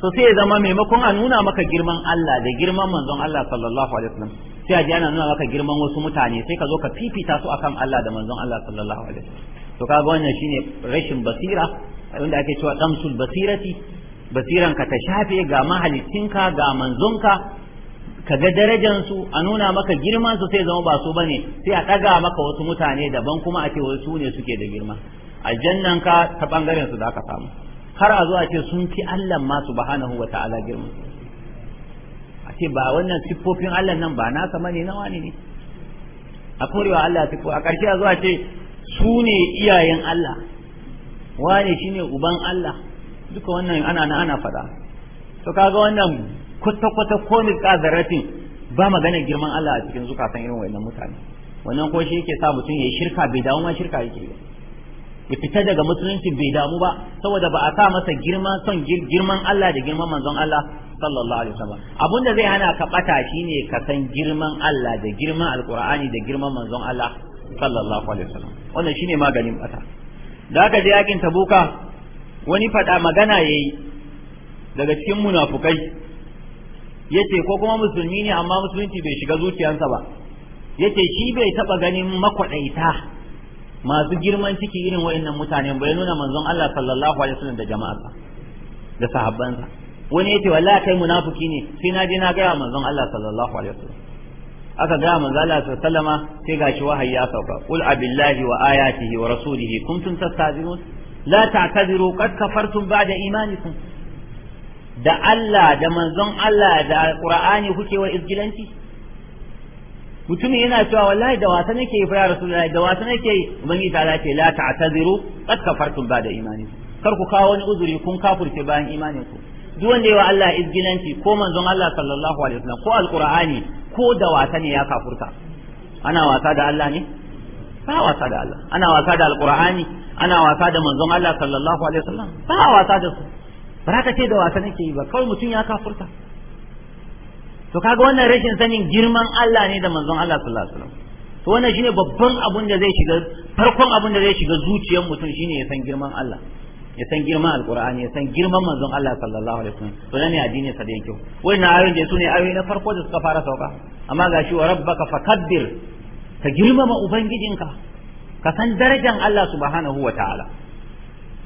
so sai ya zama maimakon a nuna maka girman Allah da girman manzon Allah sallallahu alaihi wasallam sai a ji ana nuna maka girman wasu mutane sai ka zo ka fifita su akan Allah da manzon Allah sallallahu alaihi wasallam to kaga wannan shine rashin basira wanda ake cewa damsul basirati basiran ka ta shafe ga mahalicinka ga manzonka ka ga darajan su a nuna maka girman su sai zama ba su bane sai a daga maka wasu mutane daban kuma a ce wasu ne suke da girma aljannan ka ta bangaren su zaka samu har a zo a ce sun fi Allah ma subhanahu wa ta'ala girman su ce ba wannan siffofin Allah nan ba na sama ne na wani ne a korewa Allah siffofi a ƙarshe a zuwa ce su ne iyayen Allah wani shine uban Allah duka wannan ana na ana faɗa to kaga wannan kwata-kwata ko miƙazaratin ba magana girman Allah a cikin zukatan irin wannan mutane wannan ko shi yake sa mutum ya yi shirka bai dawo ma shirka yake ba ya fita daga musulunci bai damu ba saboda ba a sa masa girman son girman Allah da girman manzon Allah sallallahu alaihi wasallam Abunda zai hana ka bata shine ka san girman Allah da girman alqur'ani da girman manzon Allah sallallahu alaihi wasallam wannan shine maganin bata da aka je yakin tabuka wani fada magana yayi daga cikin munafukai yace ko kuma musulmi ne amma musulunci bai shiga zuciyarsa ba yace shi bai taba ganin makwaɗaita masu girman ciki irin wayannan mutane bai nuna manzon Allah sallallahu alaihi wasallam da jama'arsa da sahabbansa wani yace wallahi kai munafiki ne sai na je na ga manzon Allah sallallahu alaihi wasallam aka ga manzon Allah sallallahu alaihi wasallama sai gashi wahayi ya sauka qul abillahi wa ayatihi wa rasulihi kuntum tastazirun la ta'tadiru qad kafartum ba'da imanikum da Allah da manzon Allah da Qur'ani kuke wa izgilanci mutumin yana cewa wallahi da wasa nake fa ya rasulullahi da wasa nake yi ubangiji ta ce la ta'taziru qad kafartum ba'da imani kar ku kawo wani uzuri kun kafurce bayan imaninku. ku duk wanda yawa Allah izginanci ko manzon Allah sallallahu alaihi wasallam ko alqur'ani ko da wasa ne ya kafurta ana wasa da Allah ne ba wasa da Allah ana wasa da alqur'ani ana wasa da manzon Allah sallallahu alaihi wasallam ba wasa da su baraka ka ce da wasa nake yi ba kawai mutum ya kafurta to kaga wannan rashin sanin girman Allah ne da manzon Allah sallallahu alaihi wasallam to wannan shine babban abun da zai shiga farkon abun da zai shiga zuciyar mutum shine ya san girman Allah ya san girman alqur'ani ya san girman manzon Allah sallallahu alaihi wasallam to nan ne addini sa da yake wannan ayoyin da sune ayoyi na farko da suka fara sauka amma gashi wa rabbaka fakabbir ka girmama ubangijinka ka san darajan Allah subhanahu wataala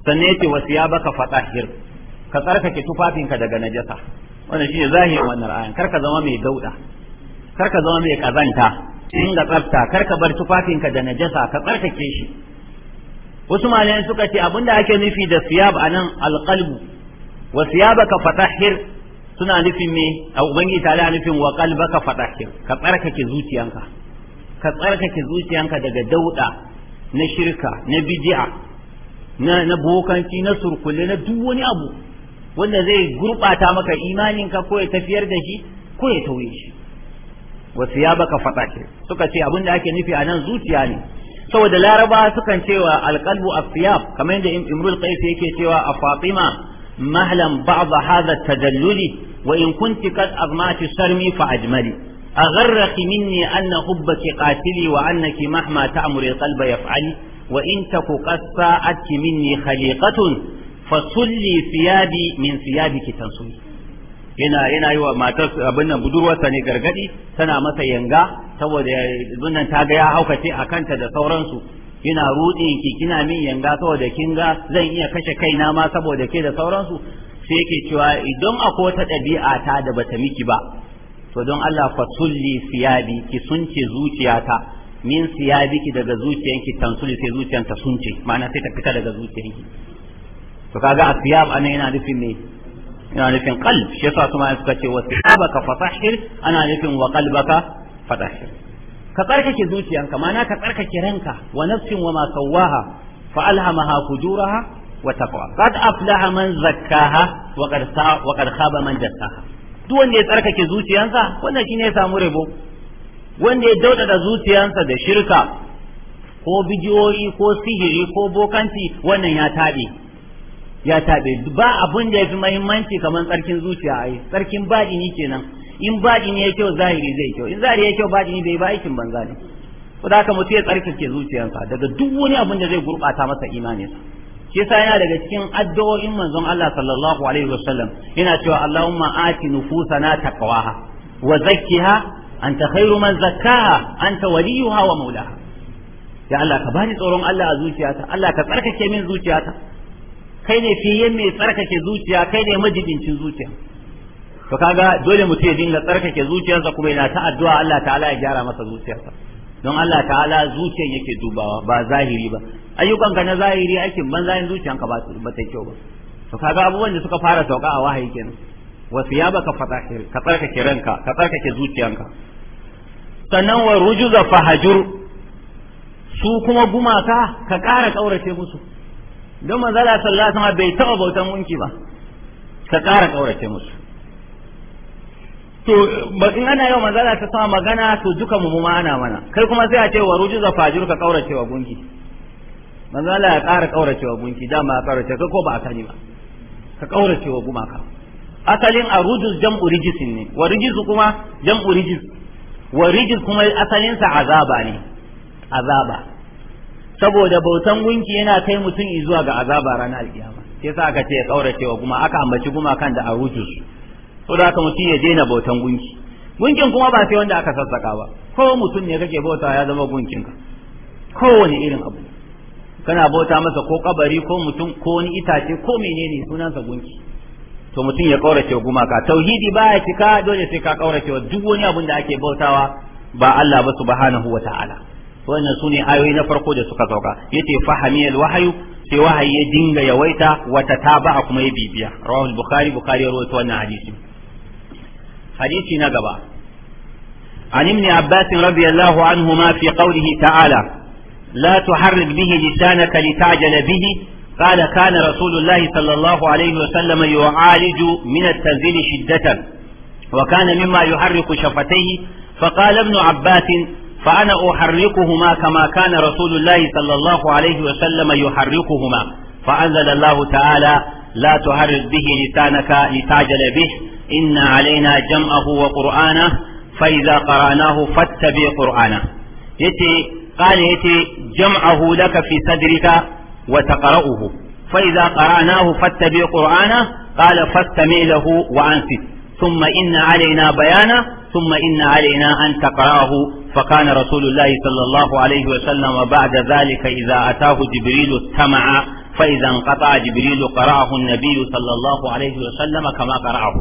sannan yace wasiyabaka fatahir ka tsarkake tufafinka daga najasa wannan shine zahirin wannan ayan kar ka zama mai dauda kar ka zama mai kazanta inga tsafta kar ka bar tufafinka da najasa ka tsarkake shi wasu malamai suka ce abinda ake nufi da siyab anan alqalbu wa siyabaka fatahhir suna nufin me a ubangi tare nufin wa qalbaka fatahhir ka tsarkake zuciyanka ka tsarkake zuciyanka daga dauda na shirka na bid'a na na bokanci na surkulle na duk wani abu wanda zai gurɓata maka imaninka ko ya tafiyar da shi ko ya tauye shi wasu ya baka faɗa suka ce abin da ake nufi a nan zuciya ne saboda laraba sukan cewa alƙalbu asiyaf kamar yadda imrul qais yake cewa a fatima mahlan ba'd hadha tadalluli wa in kunti qad azmati sarmi fa ajmali أغرك مني أن حبك قاتلي وأنك مهما تأمر القلب يفعلي وإن تك قد ساءتك مني خليقة fasulli siyabi min siyabi ki suni yana yi wa matar abin nan budurwarsa ne gargadi tana masa yanga saboda nan ta ga ya haukace a kanta da sauransu Ina rudi ki kina min yanga saboda kin ga zan iya kashe kaina ma saboda ke da sauransu sai yake cewa idan akwai wata dabi'a ta da bata miki ba to don Allah fasulli siyabi ki sunce zuciyata min ki daga zuciyanki tansuli sai zuciyan sunce ma'ana sai ta fita daga zuciyanki to kaga asiyab ana yana nufin ne yana nufin qalb shi yasa kuma suka ce wasiyabaka fatahhir ana nufin wa qalbaka fatahhir ka tsarkake zuciyanka mana ka tsarkake ranka wa nafsin wa ma sawaha fa alhamaha fujuraha wa taqwa qad aflaha man zakkaha wa qad wa qad khaba man dassaha duk wanda ya tsarkake zuciyansa wannan shine ya samu rabo wanda ya daudada zuciyansa da shirka ko bijiyoyi ko sihiri ko bokanci wannan ya tabe ya taɓe ba abun da yafi muhimmanci kamar tsarkin zuciya ai tsarkin badini kenan in badini ya kyau zahiri zai kyau in zahiri ya kyau badini bai ba aikin banza ne ko da haka mutum ya tsarkake zuciyarsa daga duk wani abun da zai gurɓata masa imaninsa shi yasa yana daga cikin addu'o'in manzon Allah sallallahu alaihi wasallam yana cewa Allahumma ati nufusana taqwaha wa zakkiha anta khairu man zakkaha anta waliyuha wa maulaha ya Allah ka bani tsoron Allah a zuciyata Allah ka tsarkake min zuciyata kai ne fiye mai tsarkake zuciya kai ne majibincin zuciya to kaga dole mutum ya dinga tsarkake zuciyarsa kuma yana ta addu'a Allah ta'ala ya gyara masa zuciyarsa don Allah ta'ala zuciyar yake dubawa ba zahiri ba ayyukanka na zahiri aikin banzayin zuciyanka ba ba ta kyau ba to kaga abubuwan da suka fara sauka a wahayi kenan wa siyabaka fatahir ka tsarkake ranka ka tsarkake zuciyanka sannan wa rujuza fahajur su kuma gumaka ka ƙara ƙaurace musu don manzala sallallahu alaihi wasallam bai taɓa bautan gunki ba ka ƙara ƙaurace musu to in ana yau manzala ta sama magana to duka mu ma ana mana kai kuma sai a ce wa rujuza fajir ka ƙaurace wa gunki manzala ya ƙara ƙaurace wa gunki dama ya ƙaurace ka ko ba a ba ka ƙaurace wa gumaka asalin a rujuz jam'u rijisin ne wa rijiz kuma jam'u rijiz wa rijiz kuma asalinsa azaba ne azaba saboda bautan gunki yana kai mutum zuwa ga azaba ranar alkiyama ke sa aka ce ya kaurace wa kuma aka ambaci kan da arutus so da aka mutum ya daina bautan gunki gunkin kuma ba sai wanda aka sassaka ba ko mutum ne kake bauta ya zama gunkinka kowane irin abu kana bauta masa ko kabari ko mutum ko wani itace ko menene sunansa gunki to mutum ya kaurace gumaka tauhidi baya cika dole sai ka kaurace duk wani abu da ake bautawa ba Allah ba subhanahu wataala wannan sune ayoyi na farko da suka sauka yace fahamiyal wahayu sai wahayi ya dinga yawaita wata taba'a kuma ya bibiya rawahu bukhari bukhari ya rawaito wannan hadisi hadisi na gaba عن ابن عباس رضي الله عنهما في قوله تعالى لا تحرك به لسانك لتعجل به قال كان رسول الله صلى الله عليه وسلم يعالج من التنزيل شدة وكان مما يحرك شفتيه فقال ابن عباس فأنا أحركهما كما كان رسول الله صلى الله عليه وسلم يحركهما فأنزل الله تعالى لا تحرك به لسانك لتعجل به إن علينا جمعه وقرآنه فإذا قرأناه فاتبع قرآنه يتي قال يتي جمعه لك في صدرك وتقرأه فإذا قرأناه فاتبع قرآنه قال فاستمع له وأنصت ثم إن علينا بيانه ثم إن علينا أن تقرأه فكان رسول الله صلى الله عليه وسلم بعد ذلك إذا أتاه جبريل استمع فإذا انقطع جبريل قرأه النبي صلى الله عليه وسلم كما قرأه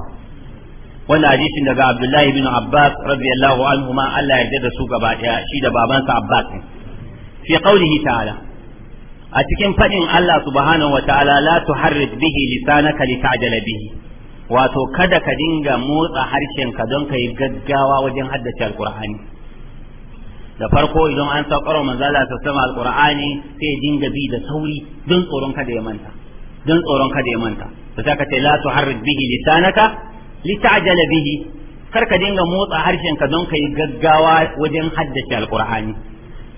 wanda hadisin daga Abdullahi bin Abbas radiyallahu anhu ma Allah ya yarda da su gaba shi da babansa Abbas fi qawlihi ta'ala a cikin fadin Allah subhanahu wataala la tuharrik bihi lisanaka litajala bihi wato kada ka dinga motsa harshenka don ka yi gaggawa wajen haddace alqur'ani da farko idan an saukar wa manzo Allah sallama alqur'ani sai dinga bi da sauri don tsoron kada ya manta don tsoron kada ya manta to sai ka ce la tuharrid bihi lisanaka lita'jala bihi kar ka dinga motsa harshen ka don kai gaggawa wajen haddace alqur'ani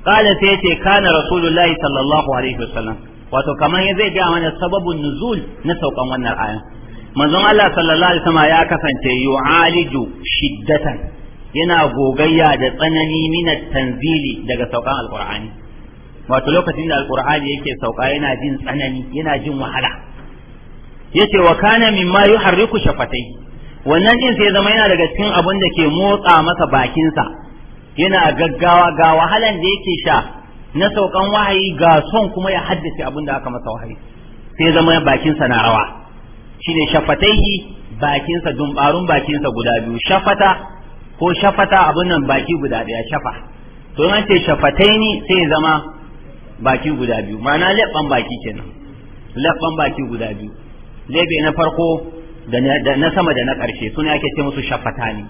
qala sai yace kana rasulullahi sallallahu alaihi wasallam wato kamar ya zai ga mana sababun nuzul na saukan wannan ayan manzon Allah sallallahu alaihi wasallam ya kasance yu'aliju shiddatan yana gogayya da tsanani minat tanzili daga saukan alqur'ani wato lokacin da alqur'ani yake sauka yana jin tsanani yana jin wahala yace wa kana mimma yuharriku shafatai wannan din sai zama yana daga cikin abin da ke motsa masa bakinsa yana gaggawa ga wahalan da yake sha na saukan wahayi ga son kuma ya haddace abin da aka masa wahayi sai zama bakinsa na rawa shine shafataihi bakinsa dumbarun bakinsa guda biyu shafata ko shafata abin nan baki guda daya shafa to an ce shafataini sai zama baki guda biyu ma'ana leɓɓan baki kenan leɓɓan baki guda biyu lebe na farko da na sama da na ƙarshe suna ake ce musu shafata ne.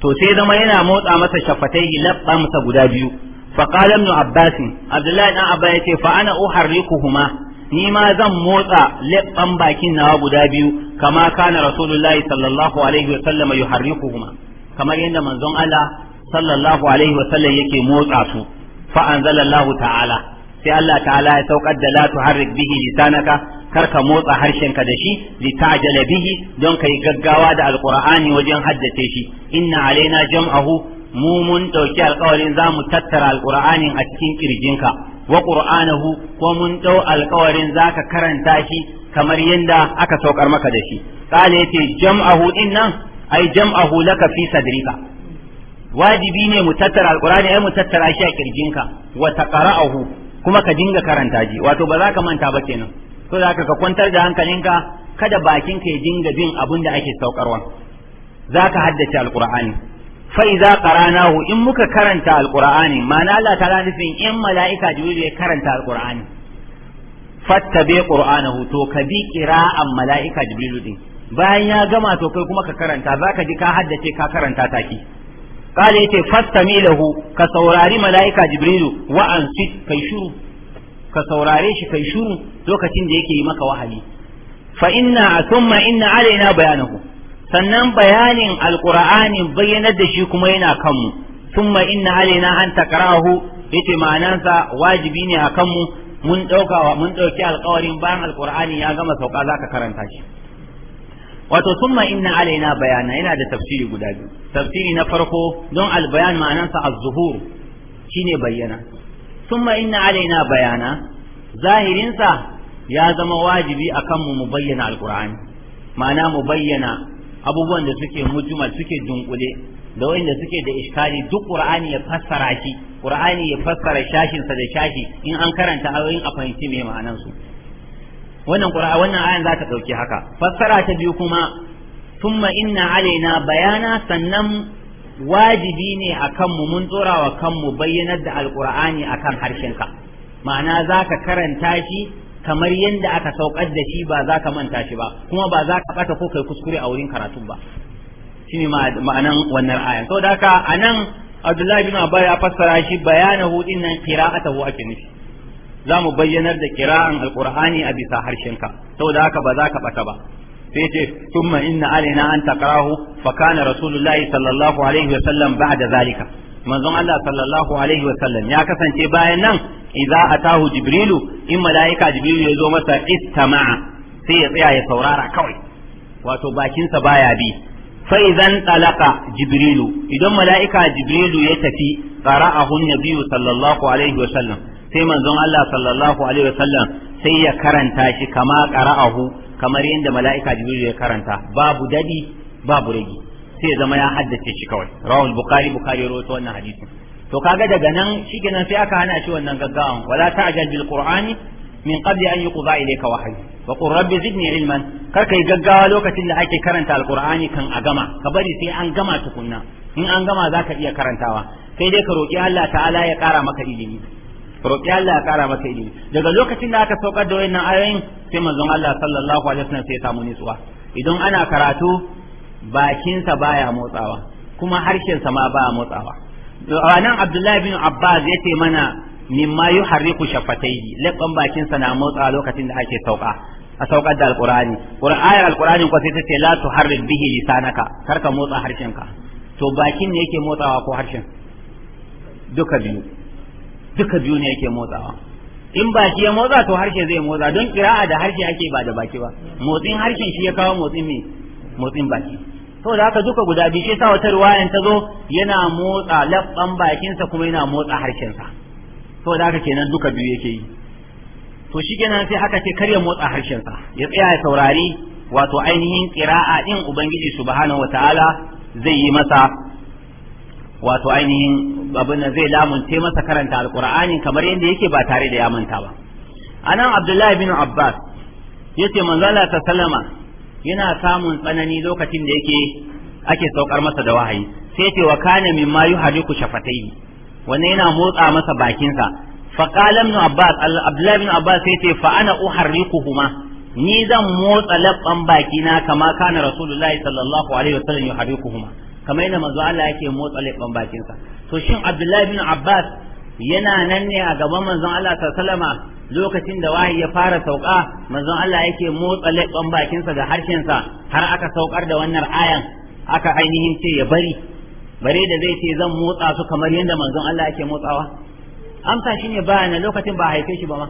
to sai zama yana motsa masa shafatai labba masa guda biyu fa qala ibn abbas abdullahi dan abba ya ce fa ana uharrikuhuma ni ma zan motsa labban bakin nawa guda biyu kama kana rasulullahi sallallahu alaihi wa sallam yuharrikuhuma kamar yadda manzon Allah sallallahu alaihi wa sallam yake motsa su fa anzalallahu ta'ala sai Allah ta'ala ya saukar da la tuharrik bihi lisanaka kar ka motsa harshenka da shi litajala bihi don kai gaggawa da alqur'ani wajen haddace shi inna alaina jam'ahu mu mun dauki alƙawarin za mu tattara alqur'anin a cikin kirjinka wa qur'anahu ko mun dau alƙawarin zaka karanta shi kamar yadda aka saukar maka da shi qala yace jam'ahu dinnan ai jam'ahu laka fi sadrika wajibi ne mu tattara alqur'ani ai mu tattara shi a kirjinka wa taqra'ahu kuma ka dinga karanta ji wato ba za ka manta ba kenan so za ka kwantar da hankalinka kada bakinka ya dinga bin abin da ake saukarwa za ka haddace alqur'ani fa idza qara'nahu in muka karanta alqur'ani ma'ana Allah ta nufin in mala'ika jibril ya karanta alqur'ani fattabi qur'anahu to ka bi qira'an mala'ika jibril din bayan ya gama to kai kuma ka karanta zaka ji ka haddace ka karanta taki قال يتي فاستمي له كسوراري ملائكة جبريل وأنصت كيشور كسوراري كيشور لو كتن ديكي مك وحي فإن ثم إن علينا بيانه sannan bayanin alkur'ani bayyanar da shi kuma yana kanmu thumma inna alaina an takrahu yace ma'anansa wajibi ne a kanmu mun dauka mun dauki alƙawarin bayan alkur'ani ya gama sauka zaka karanta shi wato summa inna alaina bayana yana da tafsiri guda biyu tafsiri na farko don albayan ma'anansa az-zuhur shine bayyana summa inna alaina bayana zahirinsa ya zama wajibi a mu mu bayyana alqur'ani ma'ana mu bayyana abubuwan da suke mujmal suke dunkule da wanda suke da iskari duk qur'ani ya fassara shi qur'ani ya fassara shashin sa da shashi in an karanta ayoyin a fahimci me ma'anan su wannan qur'a wannan ayan za ta haka fassara ta biyu kuma thumma inna alaina bayana sannan wajibi ne akan mu mun tsora wa kanmu bayyanar da alkur'ani akan harshen ka ma'ana za karanta shi kamar yadda aka saukar da shi ba za manta shi ba kuma ba zaka ka ɓata ko kai kuskure a wurin karatun ba shine ma'anan wannan ayan saboda haka anan nan abdullahi bin abba ya fassara shi bayanahu din nan qira'atahu ake nufi za mu bayyanar da kira'an alkur'ani a bisa harshenka saboda haka ba za ka bata ba sai ce thumma inna alaina an taqrahu fa kana rasulullahi sallallahu alaihi wa sallam ba'da zalika manzon Allah sallallahu alaihi wa sallam ya kasance bayan nan idza atahu jibrilu in malaika jibrilu ya zo masa istama'a sai ya tsaya ya saurara kawai wato bakinsa baya bi fa idan talaqa jibrilu idan malaika jibrilu ya tafi qara'ahu an-nabiyyu sallallahu alaihi wa sallam sai manzon Allah sallallahu alaihi wasallam sai ya karanta shi kama qara'ahu kamar yadda mala'ika jibril ya karanta babu dadi babu ragi sai ya zama ya haddace shi kawai rawal bukhari bukhari rawaito wannan hadisi to kaga daga nan shikenan sai aka hana shi wannan gaggawan wala ta'jal bil qur'ani min qabli an yuqda ilayka wahyi wa qur rabbi zidni ilman kar kai gaggawa lokacin da ake karanta alqur'ani kan a gama ka bari sai an gama tukunna in an gama zaka iya karantawa sai dai ka roki Allah ta'ala ya kara maka ilimi roƙi Allah ya ƙara masa ilimi daga lokacin da aka saukar da wayannan ayoyin sai manzon Allah sallallahu alaihi wasallam sai ya samu nutsuwa idan ana karatu bakinsa baya motsawa kuma harshensa ma baya motsawa ranan Abdullahi bin Abbas ya ce mana mimma yuharriku shafatayhi labban bakinsa na motsawa lokacin da ake sauka a saukar da alqur'ani qur'ayar alqur'ani ko sai ta ce la tuharrik bihi lisanaka karka motsa harshenka to bakin ne yake motsawa ko harshen duka biyu duka biyu ne yake motsawa in baki ya motsa to harshe zai motsa don kira'a da harshe ake ba da baki ba motsin harshen shi ya kawo motsin ne motsin baki da haka duka guda biyu shi sa wata ruwayan ta zo yana motsa labban bakinsa kuma yana motsa harshensa da haka kenan duka biyu yake yi to shi kenan sai haka ce kar ya motsa harshensa ya tsaya ya saurari wato ainihin kira'a din ubangiji subhanahu wataala zai yi masa wato ainihin abin da zai lamunce masa karanta alqur'ani kamar yadda yake ba tare da ya manta ba anan abdullahi bin abbas yace manzo Allah ta salama yana samun tsanani lokacin da yake ake saukar masa da wahayi sai ce wa kana mimma yuhadiku shafatayhi wannan yana motsa masa bakinsa fa qala ibn abbas abdullahi bin abbas sai ce fa ana uharrikuhuma ni zan motsa labban na kama kana rasulullahi sallallahu alaihi wasallam yuharrikuhuma kamar yadda manzo Allah yake motsa leɓen bakin sa to shin Abdullahi bin Abbas yana nan ne a gaban manzon Allah sallama lokacin da wahayi ya fara sauka manzon Allah yake motsa leɓen bakin sa da harshen sa har aka saukar da wannan ayan aka ainihin ce ya bari bare da zai ce zan motsa su kamar yadda manzon Allah yake motsawa amsa shine bayana lokacin ba haife shi ba ma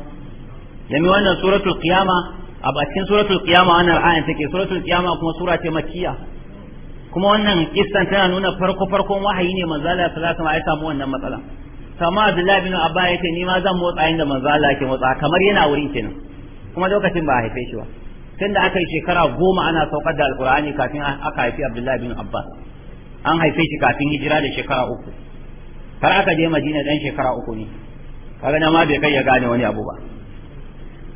dami wannan suratul qiyama a cikin suratul qiyama wannan ayan take suratul qiyama kuma sura ce makkiya kuma wannan kistan tana nuna farko farkon wahayi ne manzo Allah sallallahu alaihi wasallam ya samu wannan matsala sama Abdullahi bin Abba ce ni ma zan motsa inda manzo Allah yake motsa kamar yana wurin kenan kuma lokacin ba a haife shi ba tunda aka yi shekara goma ana saukar da alkur'ani kafin aka haifi Abdullahi bin Abba an haife shi kafin hijira da shekara uku har aka je Madina dan shekara uku ne kaga na ma bai kai ya gane wani abu ba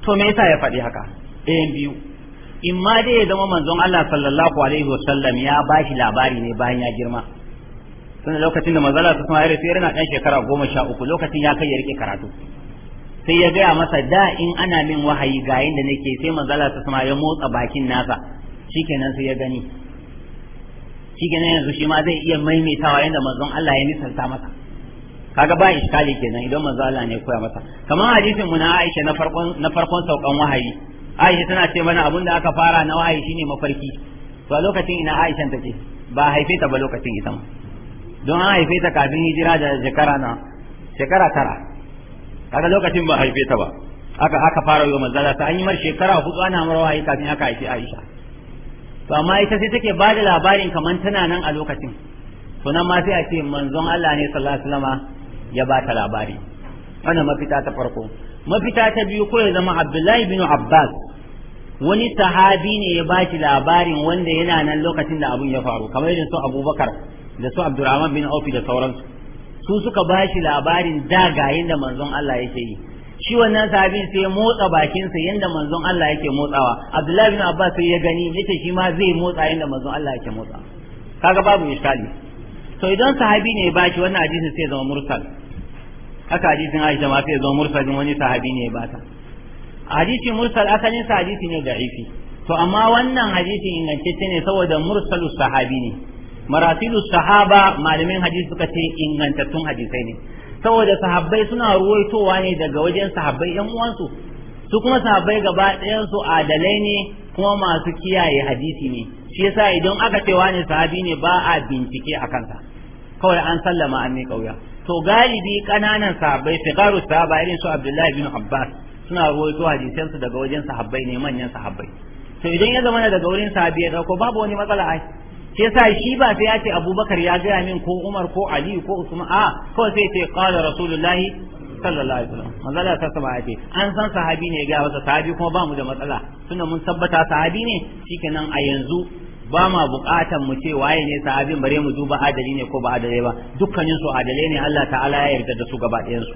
to me yasa ya faɗi haka ɗayan biyu in ma dai ya zama manzon Allah sallallahu alaihi wa sallam ya bashi labari ne bayan ya girma tunda lokacin da manzon Allah sallallahu alaihi wasallam yana dan shekara goma sha uku lokacin ya kai ya rike karatu sai ya gaya masa da in ana min wahayi ga yanda nake sai manzon Allah sallallahu alaihi ya motsa bakin nasa shikenan sai ya gani shikenan yanzu shi ma zai iya maimaitawa yanda manzon Allah ya nisanta masa kaga ba iskali kenan idan Manzala Allah ne koya masa kamar hadisin mu na Aisha na farkon na farkon saukan wahayi Aisha tana ce mana abin da aka fara na wahayi shine mafarki to a lokacin ina Aisha ta ce ba haife ta ba lokacin ita ma don an haife ta kafin hijira da shekara na shekara tara kaga lokacin ba haife ta ba aka aka fara yi manzala ta an yi mar shekara hudu ana mar wahayi kafin aka haife Aisha to amma ita sai take ba da labarin kamar tana nan a lokacin to nan ma sai a ce manzon Allah ne sallallahu alaihi wasallama ya ba ta labari wannan mafita ta farko mafita ta biyu ko ya zama abdullahi bin abbas wani sahabi ne ya ba shi labarin wanda yana nan lokacin da abun ya faru kamar yadda su abubakar da su abdurrahman bin aufi da sauransu su suka ba shi labarin da ga yadda manzon allah yake yi shi wannan sahabin sai ya motsa bakinsa yadda manzon allah yake motsawa abdullahi bin abbas sai ya gani yace shi ma zai motsa yadda manzon allah yake motsa kaga babu iskali to idan sahabi ne ya ba shi wannan hadisin sai ya zama mursal haka hadisin Aisha ma sai zo mursalin wani sahabi ne ba ta hadisin mursal asalin sa hadisi ne da'ifi to amma wannan hadisin ingantacce ne saboda mursalus sahabi ne maratilu sahaba malamin hadisi suka ce ingantattun hadisai ne saboda sahabbai suna ruwaitowa ne daga wajen sahabbai yan uwansu su kuma sahabbai gaba ɗayan su adalai ne kuma masu kiyaye hadisi ne shi yasa idan aka ce wani sahabi ne ba a bincike a kansa kawai an sallama an ne kauya to galibi kananan sahabbai sigaru sahaba irin su Abdullahi bin Abbas suna rawaito hadisan su daga wajen sahabbai ne manyan sahabbai to idan ya zama daga wurin sahabi ya dauko babu wani matsala ai shi yasa shi ba sai ya ce Abubakar ya gaya min ko Umar ko Ali ko Usman a ko sai ce qala Rasulullahi sallallahu alaihi wasallam manzala ta saba ce an san sahabi ne ya gaya masa sahabi kuma ba mu da matsala tunda mun tabbata sahabi ne shikenan a yanzu ba ma bukatan mu ce waye ne sahabin bare mu duba adali ne ko ba adalai ba dukkanin su adalai ne Allah ta'ala ya yarda da su gaba ɗayan su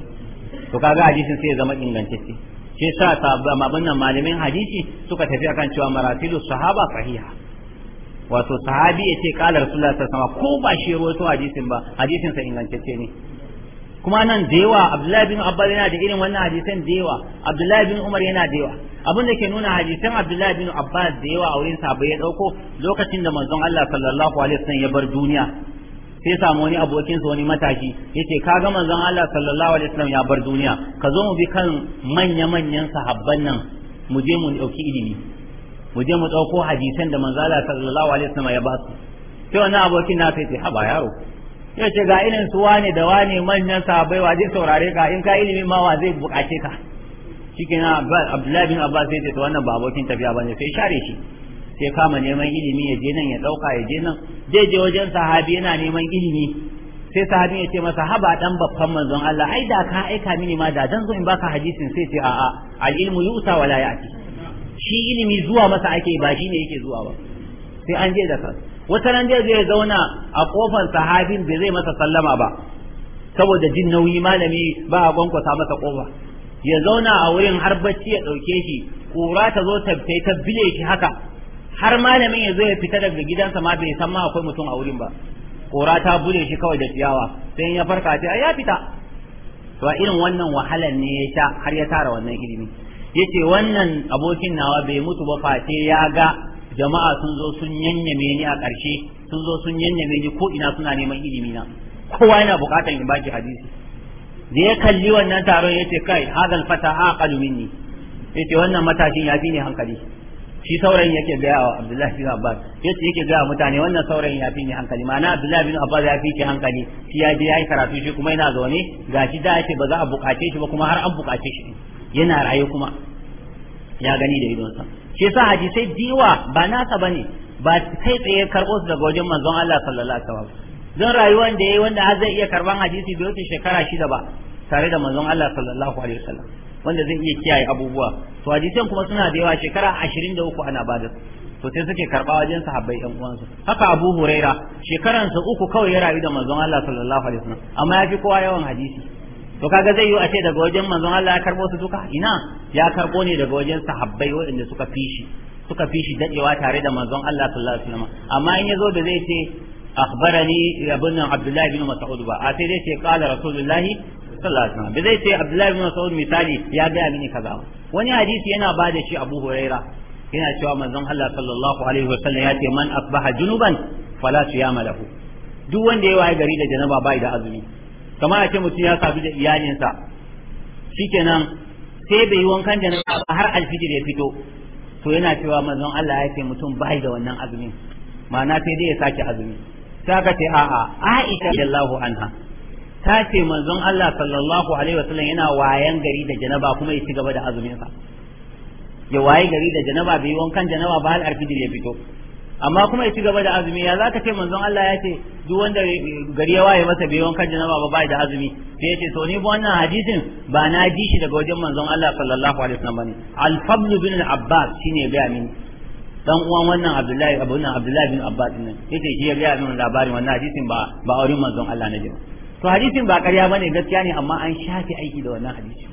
to kaga hadisin sai ya zama ingantacce shi yasa sabban nan malamin hadisi suka tafi akan cewa maratilu sahaba sahiha wato sahabi yace qala rasulullahi sallallahu alaihi ko ba shi rawaito hadisin ba hadisin sa ingantacce ne kuma nan da yawa Abdullahi bin Abbas yana da irin wannan hadisan da yawa Abdullahi bin Umar yana da yawa abin da ke nuna hadisan Abdullahi bin Abbas da yawa a wurin sabai ya dauko lokacin da manzon Allah sallallahu alaihi wasallam ya bar duniya sai samu wani abokin sa wani matashi yace ka ga manzon Allah sallallahu alaihi wasallam ya bar duniya ka zo mu bi kan manya manyan sahabban nan mu je mu dauki ilimi mu je mu dauko hadisan da manzon Allah sallallahu alaihi wasallam ya ba su sai wannan abokin na sai haba yaro ya ce ga irin su wane da wane manyan sahabbai wa zai saurare ka in ka ilimin ma wa zai bukace ka na abdullahi bin abbas sai ce to wannan ba abokin tafiya bane sai share shi sai kama neman ilimi ya je nan ya dauka ya je nan zai je wajen sahabi yana neman ilimi sai sahabi ya ce masa haba dan babban manzon Allah ai da ka aika mini ma da dan zo in baka hadisin sai ce a'a al ilmu yusa wala ya'ti shi ilimi zuwa masa ake ba shi ne yake zuwa ba sai an je da ka wata nan zai zai zauna a kofar sahabin bai zai masa sallama ba saboda jin nauyi malami ba a kwankwasa masa kofa ya zauna a wurin har bacci ya dauke shi kura ta zo ta ta bile shi haka har malamin ya zo ya fita daga gidansa ma bai san ma akwai mutum a wurin ba Ƙora ta bule shi kawai da ciyawa sai ya farka ce ya fita to irin wannan wahalar ne ya sha har ya tara wannan ilimi yace wannan abokin nawa bai mutu ba face ya ga jama'a sun zo sun yanyame ni a ƙarshe sun zo sun yanyame ni ko ina suna neman ilimi na kowa yana buƙatar in baki hadisi da ya kalli wannan taron ya ce kai hadal fata aqalu minni ce wannan matashin ya fi ni hankali shi saurayin yake gaya wa Abdullahi bin Abbas yace yake gaya mutane wannan saurayin ya fi ni hankali ma'ana Abdullahi bin Abbas ya fi ki hankali shi ya je ya yi karatu shi kuma yana zaune gashi da ya ce ba za a buƙace shi ba kuma har an buƙace shi yana raye kuma ya gani da idonsa shi yasa hadisai diwa ba nasa bane ba kai tsaye karɓo su daga wajen manzon Allah sallallahu alaihi wasallam zan rayuwan da yayi wanda har zai iya karban hadisi da yake shekara shida ba tare da manzon Allah sallallahu alaihi wasallam wanda zai iya kiyaye abubuwa to hadisan kuma suna da yawa shekara 23 ana bada to sai suke karba wajen sahabbai ɗan uwansu haka Abu Huraira shekaransa uku kawai ya rayu da manzon Allah sallallahu alaihi wasallam amma ya fi kowa yawan hadisi to kaga zai yi a ce daga wajen manzon Allah ya karbo su duka ina ya karbo ne daga wajen sahabbai waɗanda suka fishi suka fishi dadewa tare da manzon Allah sallallahu alaihi wasallam amma in yazo da zai ce akhbarani ibn Abdullah ibn Mas'ud ba a sai zai ce qala Rasulullah sallallahu alaihi wasallam zai ce Abdullah ibn Mas'ud misali ya ga mini kaza wani hadisi yana ba da shi Abu Huraira yana cewa manzon Allah sallallahu alaihi wasallam ya ce man asbaha junuban fala siyama lahu duk wanda ya waye gari da janaba bai da azumi kamar a ce mutum ya sadu da iyalinsa shikenan sai bai yi wankan da ba har alfijir ya fito to yana cewa manzon Allah ya ce mutum bai da wannan azumin ma'ana sai dai ya sake azumi ta ka ce a'a Aisha radiyallahu anha ta ce manzon Allah sallallahu alaihi wasallam yana wayan gari da janaba kuma ya ci gaba da azumin sa ya waye gari da janaba bai wankan janaba ba har alfijir ya fito amma kuma ya ci gaba da azumi ya zaka ce manzon Allah ya ce duk wanda gari ya waye masa bai wankan janaba ba bai da azumi sai ya ce to ni wannan hadisin ba na ji shi daga wajen manzon Allah sallallahu alaihi wasallam bane al-fadl bin al-abbas shine ga min dan uwan wannan Abdullahi Abu Abdullahi bin Abbas din yace shi ya ga min labarin wannan hadisin ba ba auren manzon Allah na ji to hadisin ba ƙarya bane gaskiya ne amma an shafi aiki da wannan hadisi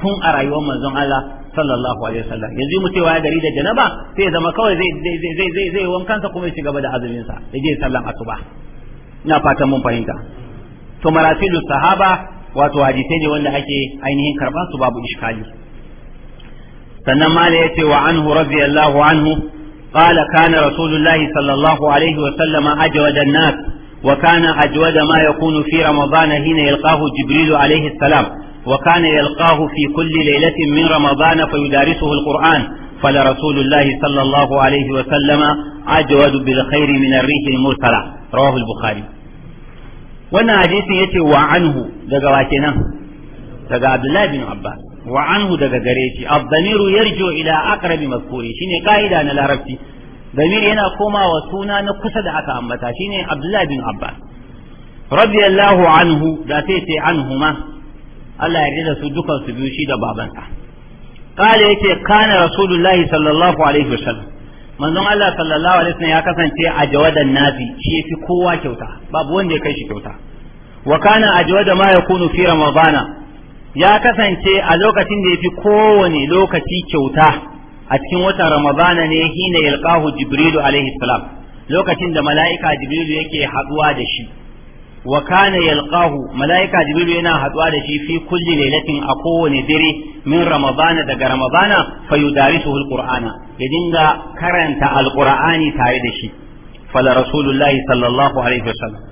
tun a rayuwar manzon Allah sallallahu alaihi wasallam yanzu mu cewa ya gari da janaba sai zama kawai zai zai zai zai zai wankansa kuma ya ci gaba da azumin sa ya je sallan asuba ina fatan mun fahimta to maratilu sahaba wato hadisai ne wanda ake ainihin karba su babu iskali sannan mala yace wa anhu radiyallahu anhu قال كان رسول الله صلى الله عليه وسلم أجود الناس وكان أجود ما يكون في رمضان حين يلقاه جبريل عليه السلام وكان يلقاه في كل ليلة من رمضان فيدارسه القرآن فلرسول الله صلى الله عليه وسلم أجود بالخير من الريح المرسلة رواه البخاري وانا حديث يتي وعنه دقا واتنا دقا عبد الله بن عباس وعنه دقا قريتي الضمير يرجع إلى أقرب مذكوري شيني قائدة أنا لا ربتي ضمير هنا كما وسونا نقصد أكا أمتا شيني عبد الله بن عباس رضي الله عنه داتيتي عنهما Allah ya rida su dukan su biyu shi da babansa kale yake kana rasulullahi sallallahu alaihi wasallam manzon Allah sallallahu alaihi wasallam ya kasance a jawadan nafi shi yafi kowa kyauta babu wanda ya kai shi kyauta wa kana ajwada ma yakunu fi ramadana ya kasance a lokacin da yafi kowane lokaci kyauta a cikin watan ramadana ne hina yalqahu jibrilu alaihi salam lokacin da mala'ika jibrilu yake haduwa da shi wa kana yalqahu malaika jibril yana haduwa da shi fi kulli lailatin a kowane dare min ramadana daga ramadana fayudarisuhu alqur'ana ya dinga karanta alqur'ani tare da shi fala rasulullahi sallallahu alaihi wasallam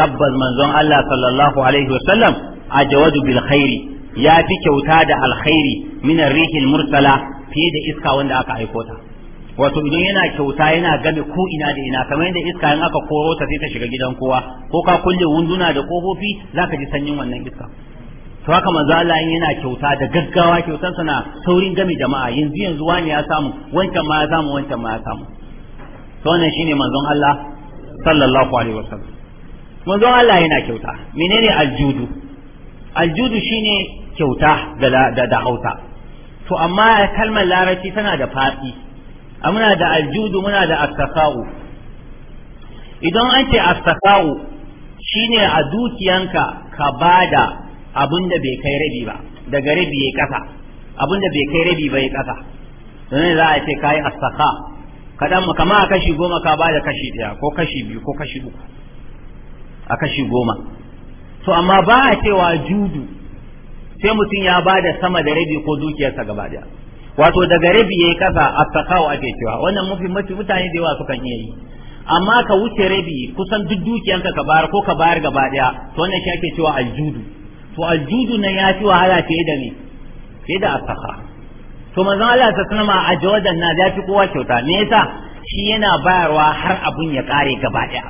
tabbas manzon Allah sallallahu alaihi wasallam ajawadu bil khairi ya fi kyauta da alkhairi min arrihil mursala fiye da iska wanda aka aiko ta wato idan yana kyauta yana game ko ina da ina kamar yadda iska in aka koro ta sai ta shiga gidan kowa ko ka kulle wunduna da kofofi zaka ji sanyin wannan iska to haka manzo Allah yana kyauta da gaggawa kyautar na saurin game jama'a yanzu yanzu wani ya samu wancan ma ya samu wancan ma ya samu to wannan shine manzon Allah sallallahu alaihi wasallam manzon Allah yana kyauta menene aljudu aljudu shine kyauta da da, da to amma kalmar larabci tana da fadi muna da aljudu muna da astafa'u idan an ce astafa'u shine a dukiyanka ka bada abin da bai kai rabi ba daga rabi ya kasa abin da bai kai rabi ba ya kasa don za a ce kayi astaka kadan kama a kashi goma ka bada kashi daya ko kashi biyu ko kashi uku a kashi goma to amma ba a cewa judu sai mutum ya bada sama da rabi ko dukiyarsa gaba daya wato daga rabi yayi kasa takawa ake cewa wannan mafi mutane da yawa sukan iya yi amma ka wuce rabi kusan duk dukiyanka ka bayar ko ka bayar gaba daya to wannan shi ake cewa aljudu to aljudu na ya fi wahala fiye da me fiye da asaka to manzon Allah ta ma a jawadan na ya fi kowa kyauta me yasa shi yana bayarwa har abun ya kare gaba daya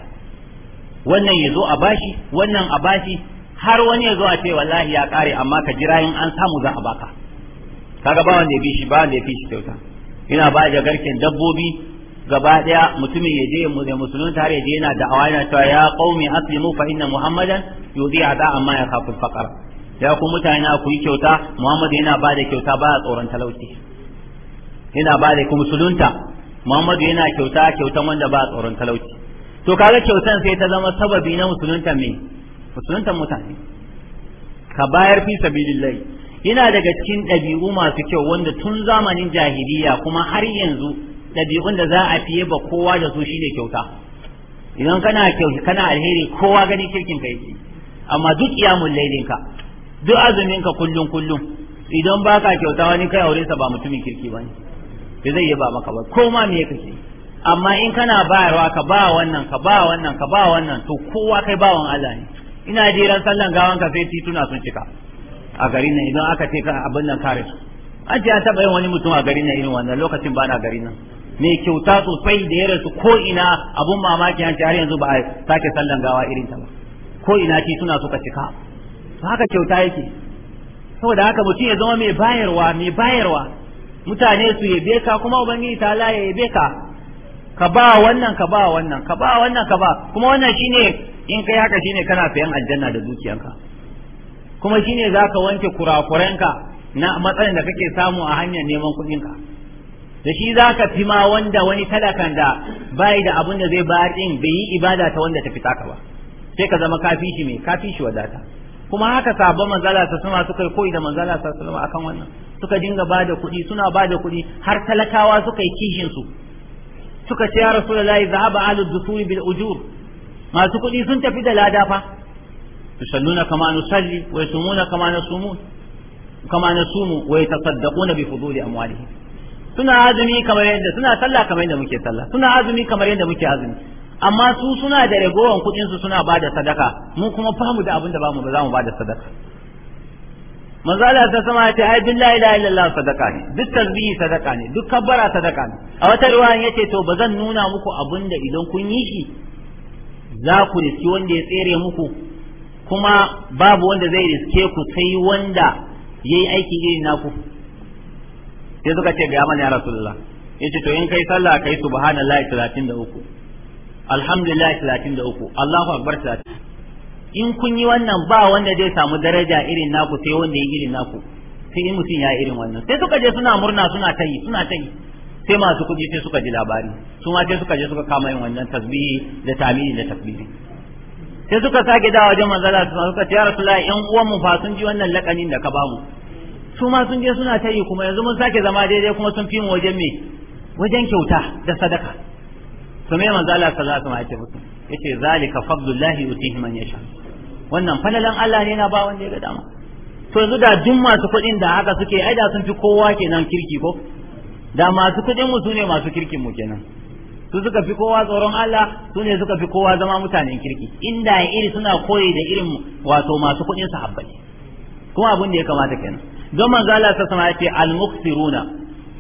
wannan ya zo a bashi wannan a bashi har wani ya zo a ce wallahi ya kare amma ka jira in an samu za a baka kaga ba wanda ya bi shi ba wanda ya fi shi kyauta ina ba da garken dabbobi gaba daya mutumin ya je ya musulunta har yaje je yana da'awa yana cewa ya qaumi aslimu fa inna muhammadan yudi da amma ya kafin faqara ya ku mutane ku yi kyauta muhammad yana ba da kyauta ba tsoron talauci yana ba da ku musulunta muhammad yana kyauta kyauta wanda ba tsoron talauci to kaga kyautan sai ta zama sababi na musulunta me musulunta mutane ka bayar fi sabilillahi yana daga cikin ɗabi'u masu kyau wanda tun zamanin jahiliya kuma har yanzu ɗabi'un da za a fiye ba kowa da su shine kyauta idan kana kyau kana alheri kowa gani kirkin ka yake amma duk iyamul lailin ka duk azumin ka kullun kullun idan baka kyauta wani kai aure sa ba mutumin kirki bane ba zai ba maka ba ko ma me kake amma in kana bayarwa ka ba wannan ka ba wannan ka ba wannan to kowa kai bawan Allah ne ina jiran sallan gawan ka sai tituna sun cika a garin nan idan aka ce ka abin nan kare su an ce an taɓa yin wani mutum a garin nan irin wannan lokacin ba na garin nan mai kyauta sosai da ya rasu ko ina abun mamaki an ce har yanzu ba a sake sallan gawa irin ta ba ko ina ci suna suka cika to haka kyauta yake saboda haka mutum ya zama mai bayarwa mai bayarwa mutane su yabe ka kuma ubangiji ta la ya yabe ka ka ba wannan ka ba wannan ka ba wannan ka ba kuma wannan shine in kai haka shine kana sayan aljanna da dukiyanka kuma shi shine ka wanke kurakurenka na matsayin da kake samu a hanyar neman kuɗinka da shi za ka fi ma wanda wani talakan da bayi da abin da zai bayar din bai yi ibada ta wanda ta fi taka ba sai ka zama kafi shi mai kafi shi wadata kuma haka sabon manzala ta sama suka koyi da manzala ta sama akan wannan suka dinga ba da kuɗi suna ba da kuɗi har talakawa suka yi kishin su suka ce ya rasulullahi zahaba ahlud dusuri bil ujur masu kuɗi sun tafi da lada fa yusalluna kama nusalli wa yasumuna kama nasumun kama nasumu wa yatasaddaquna bi fuduli amwalihim suna azumi kamar yadda suna sallah kamar yadda muke sallah suna azumi kamar yadda muke azumi amma su suna da ragowan kuɗin su suna bada sadaka mu kuma famu da abin da bamu ba za mu bada sadaka manzo Allah ta sama ta ai billahi la ilaha sadaka ne duk tasbihi sadaka ne duk kabbara sadaka ne a wata ruwayan yace to bazan nuna muku abin da idan kun yi shi za ku riski wanda ya tsere muku kuma babu wanda zai riske ku sai wanda yayi aiki irin naku sai suka ce ga amana ya rasulullah yace to in kai sallah kai subhanallahi 33 alhamdulillahi 33 Allahu akbar talatin. in kun yi wannan ba wanda zai samu daraja irin naku sai wanda yayi irin naku sai in mutum ya irin wannan sai suka je suna murna suna tayi suna tayi sai masu kuɗi sai suka ji labari su ma sai suka je suka kama yin wannan tasbihi da tamini da takbiri sai suka sake da wajen manzala su suka ce ya rasulullahi yan uwan mu fa sun ji wannan lakanin da ka ba mu su ma sun je suna ta yi kuma yanzu mun sake zama daidai kuma sun fi mu wajen me wajen kyauta da sadaka to me manzala sallallahu alaihi wasallam ya ce musu yace zalika fadlullahi yutihi man yasha wannan falalan Allah ne na ba wanda ya ga dama to yanzu da duk masu kuɗin da haka suke ai da sun fi kowa kenan kirki ko da masu kuɗin mu sune masu kirkin mu kenan su suka fi kowa tsoron Allah su ne suka fi kowa zama mutanen kirki inda iri suna koyi da irin wato masu kuɗin sahabbai kuma abin da ya kamata kenan don manzo Allah ta sama yace al-muqsiruna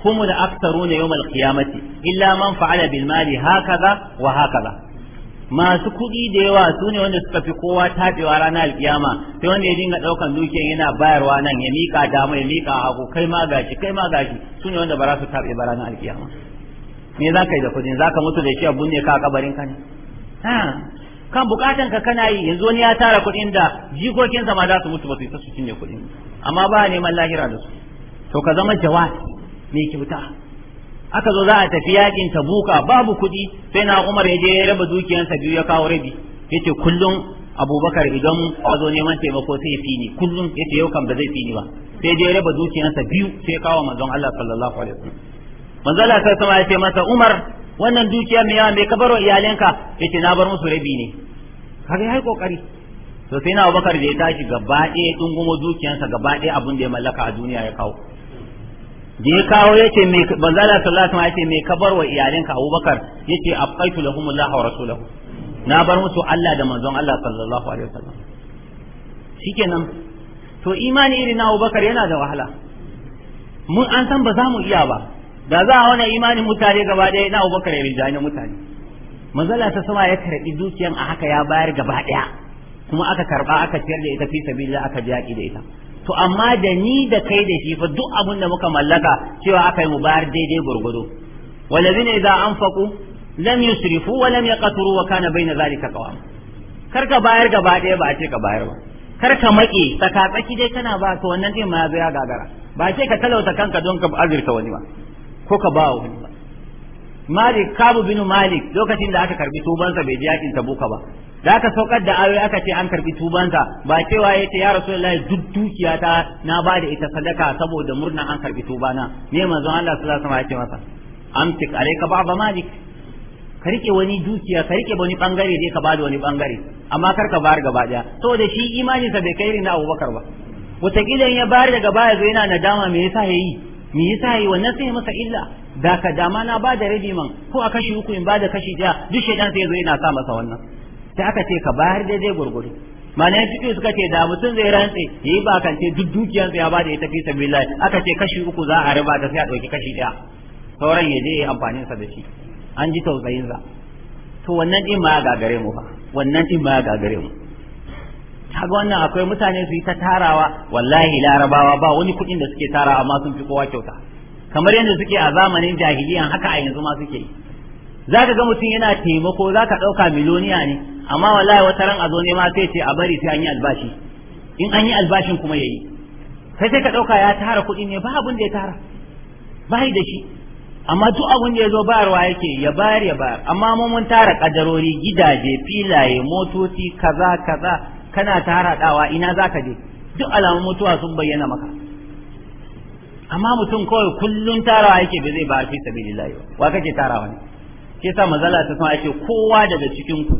hum da aktharuna yawm al-qiyamati illa man fa'ala bil mali hakaza wa hakaza masu kuɗi da yawa su ne wanda suka fi kowa tabewa ranar alkiyama sai wanda ya dinga ɗaukan dukiyar yana bayarwa nan ya miƙa dama ya miƙa hagu kai ma gashi kai ma gashi su ne wanda ba za su taɓe ba ranar alkiyama me za ka yi da kudin za ka mutu da shi a bunne ka kabarin ka ne kan bukatan ka kana yi yanzu wani ya tara kuɗin da jikokinsa ma za su mutu ba su isa su cinye kuɗin amma ba neman lahira da su to ka zama jawad mai kyauta aka zo za a tafi yakin tabuka babu kuɗi sai na umar ya je ya raba dukiyansa biyu ya kawo rabi yace kullum abubakar idan ka zo neman taimako sai fi ni kullum yace yau kam ba zai fi ni ba sai je ya raba dukiyansa biyu sai kawo manzon Allah sallallahu alaihi wasallam Allah sai sama ya ce masa Umar wannan dukiyar mai yawa mai kabaro iyalinka yace na bar musu rabi ne kaga yayi kokari to sai na Abubakar da ya tashi gaba ɗaya dungumo dukiyansa gaba ɗaya abin da ya mallaka a duniya ya kawo da ya kawo yace mai Allah sallallahu alaihi wasallam yace mai kabarwa iyalinka Abubakar yace abqaitu Allah wa rasuluhu na bar musu Allah da manzon Allah sallallahu alaihi wasallam shikenan to imani irin na Abubakar yana da wahala mun an san ba za mu iya ba da za a wani imanin mutane gaba ɗaya na abubakar ya rinjaye na mutane manzala ta sama ya karɓi dukiyan a haka ya bayar gaba ɗaya kuma aka karɓa aka ciyar da ita fi sabila aka ji ki da ita to amma da ni da kai da shi fa duk abin da muka mallaka cewa aka yi mu bayar daidai gurgudu walazina idza anfaqu lam yusrifu wa lam yaqturu wa kana baina zalika qawam kar ka bayar gaba ɗaya ba a ce ka bayar ba kar ka maƙe tsaka tsaki dai kana ba to wannan din ma ya gagara ba ce ka talauta kanka don ka azurta wani ba ko ka ba wani ba malik kabu bin malik lokacin da aka karbi tubansa bai ji yakin tabuka ba da aka saukar da ayoyi aka ce an karbi tubansa ba cewa ya ce ya rasulullahi duk dukiya ta na ba da ita sadaka saboda murna an karbi tubana ne manzo Allah sallallahu alaihi wasallam ya ce masa amtik alayka ba malik ka rike wani dukiya ka rike wani bangare dai ka ba da wani bangare amma kar ka bayar gaba daya saboda shi imani sa bai kai irin na Abubakar ba wata gidan ya bayar daga baya zo yana nadama me yasa yayi me yasa yi wannan sai masa illa da ka dama na ba da rabi man ko a kashi uku in ba da kashi ɗaya duk shaidan sai zo yana sa masa wannan sai aka ce ka bayar daidai gurguru. malayan fiƙi suka ce da mutum zai rantse yayi ba kan ce duk dukiyarsa ya bada ya tafi sabilillah aka ce kashi uku za a riba ta sai a ɗauki kashi ɗaya sauran ya je ya sa da shi an ji tausayin sa to wannan din ma ya gagare mu fa wannan din ma ya gagare mu kaga wannan akwai mutane su yi ta tarawa wallahi larabawa ba wani kuɗin da suke tarawa amma sun fi kowa kyauta kamar yadda suke a zamanin jahiliyan haka a yanzu ma suke yi zaka ga mutum yana taimako zaka ɗauka miloniya ne amma wallahi wata ran a zo ne ma sai ce a bari sai an yi albashi in an yi albashin kuma yayi sai sai ka ɗauka ya tara kuɗi ne ba abin da ya tara bai da shi amma duk abin da ya zo bayarwa yake ya bayar ya bayar amma mun tara kadarori gidaje filaye motoci kaza kaza kana dawa ina zaka je duk alamun mutuwa sun bayyana maka amma mutum kawai kullum tarawa yake bai zai ba fi sabilillahi wa kake tarawa ne Ke sa mazala ta san ake kowa daga cikin ku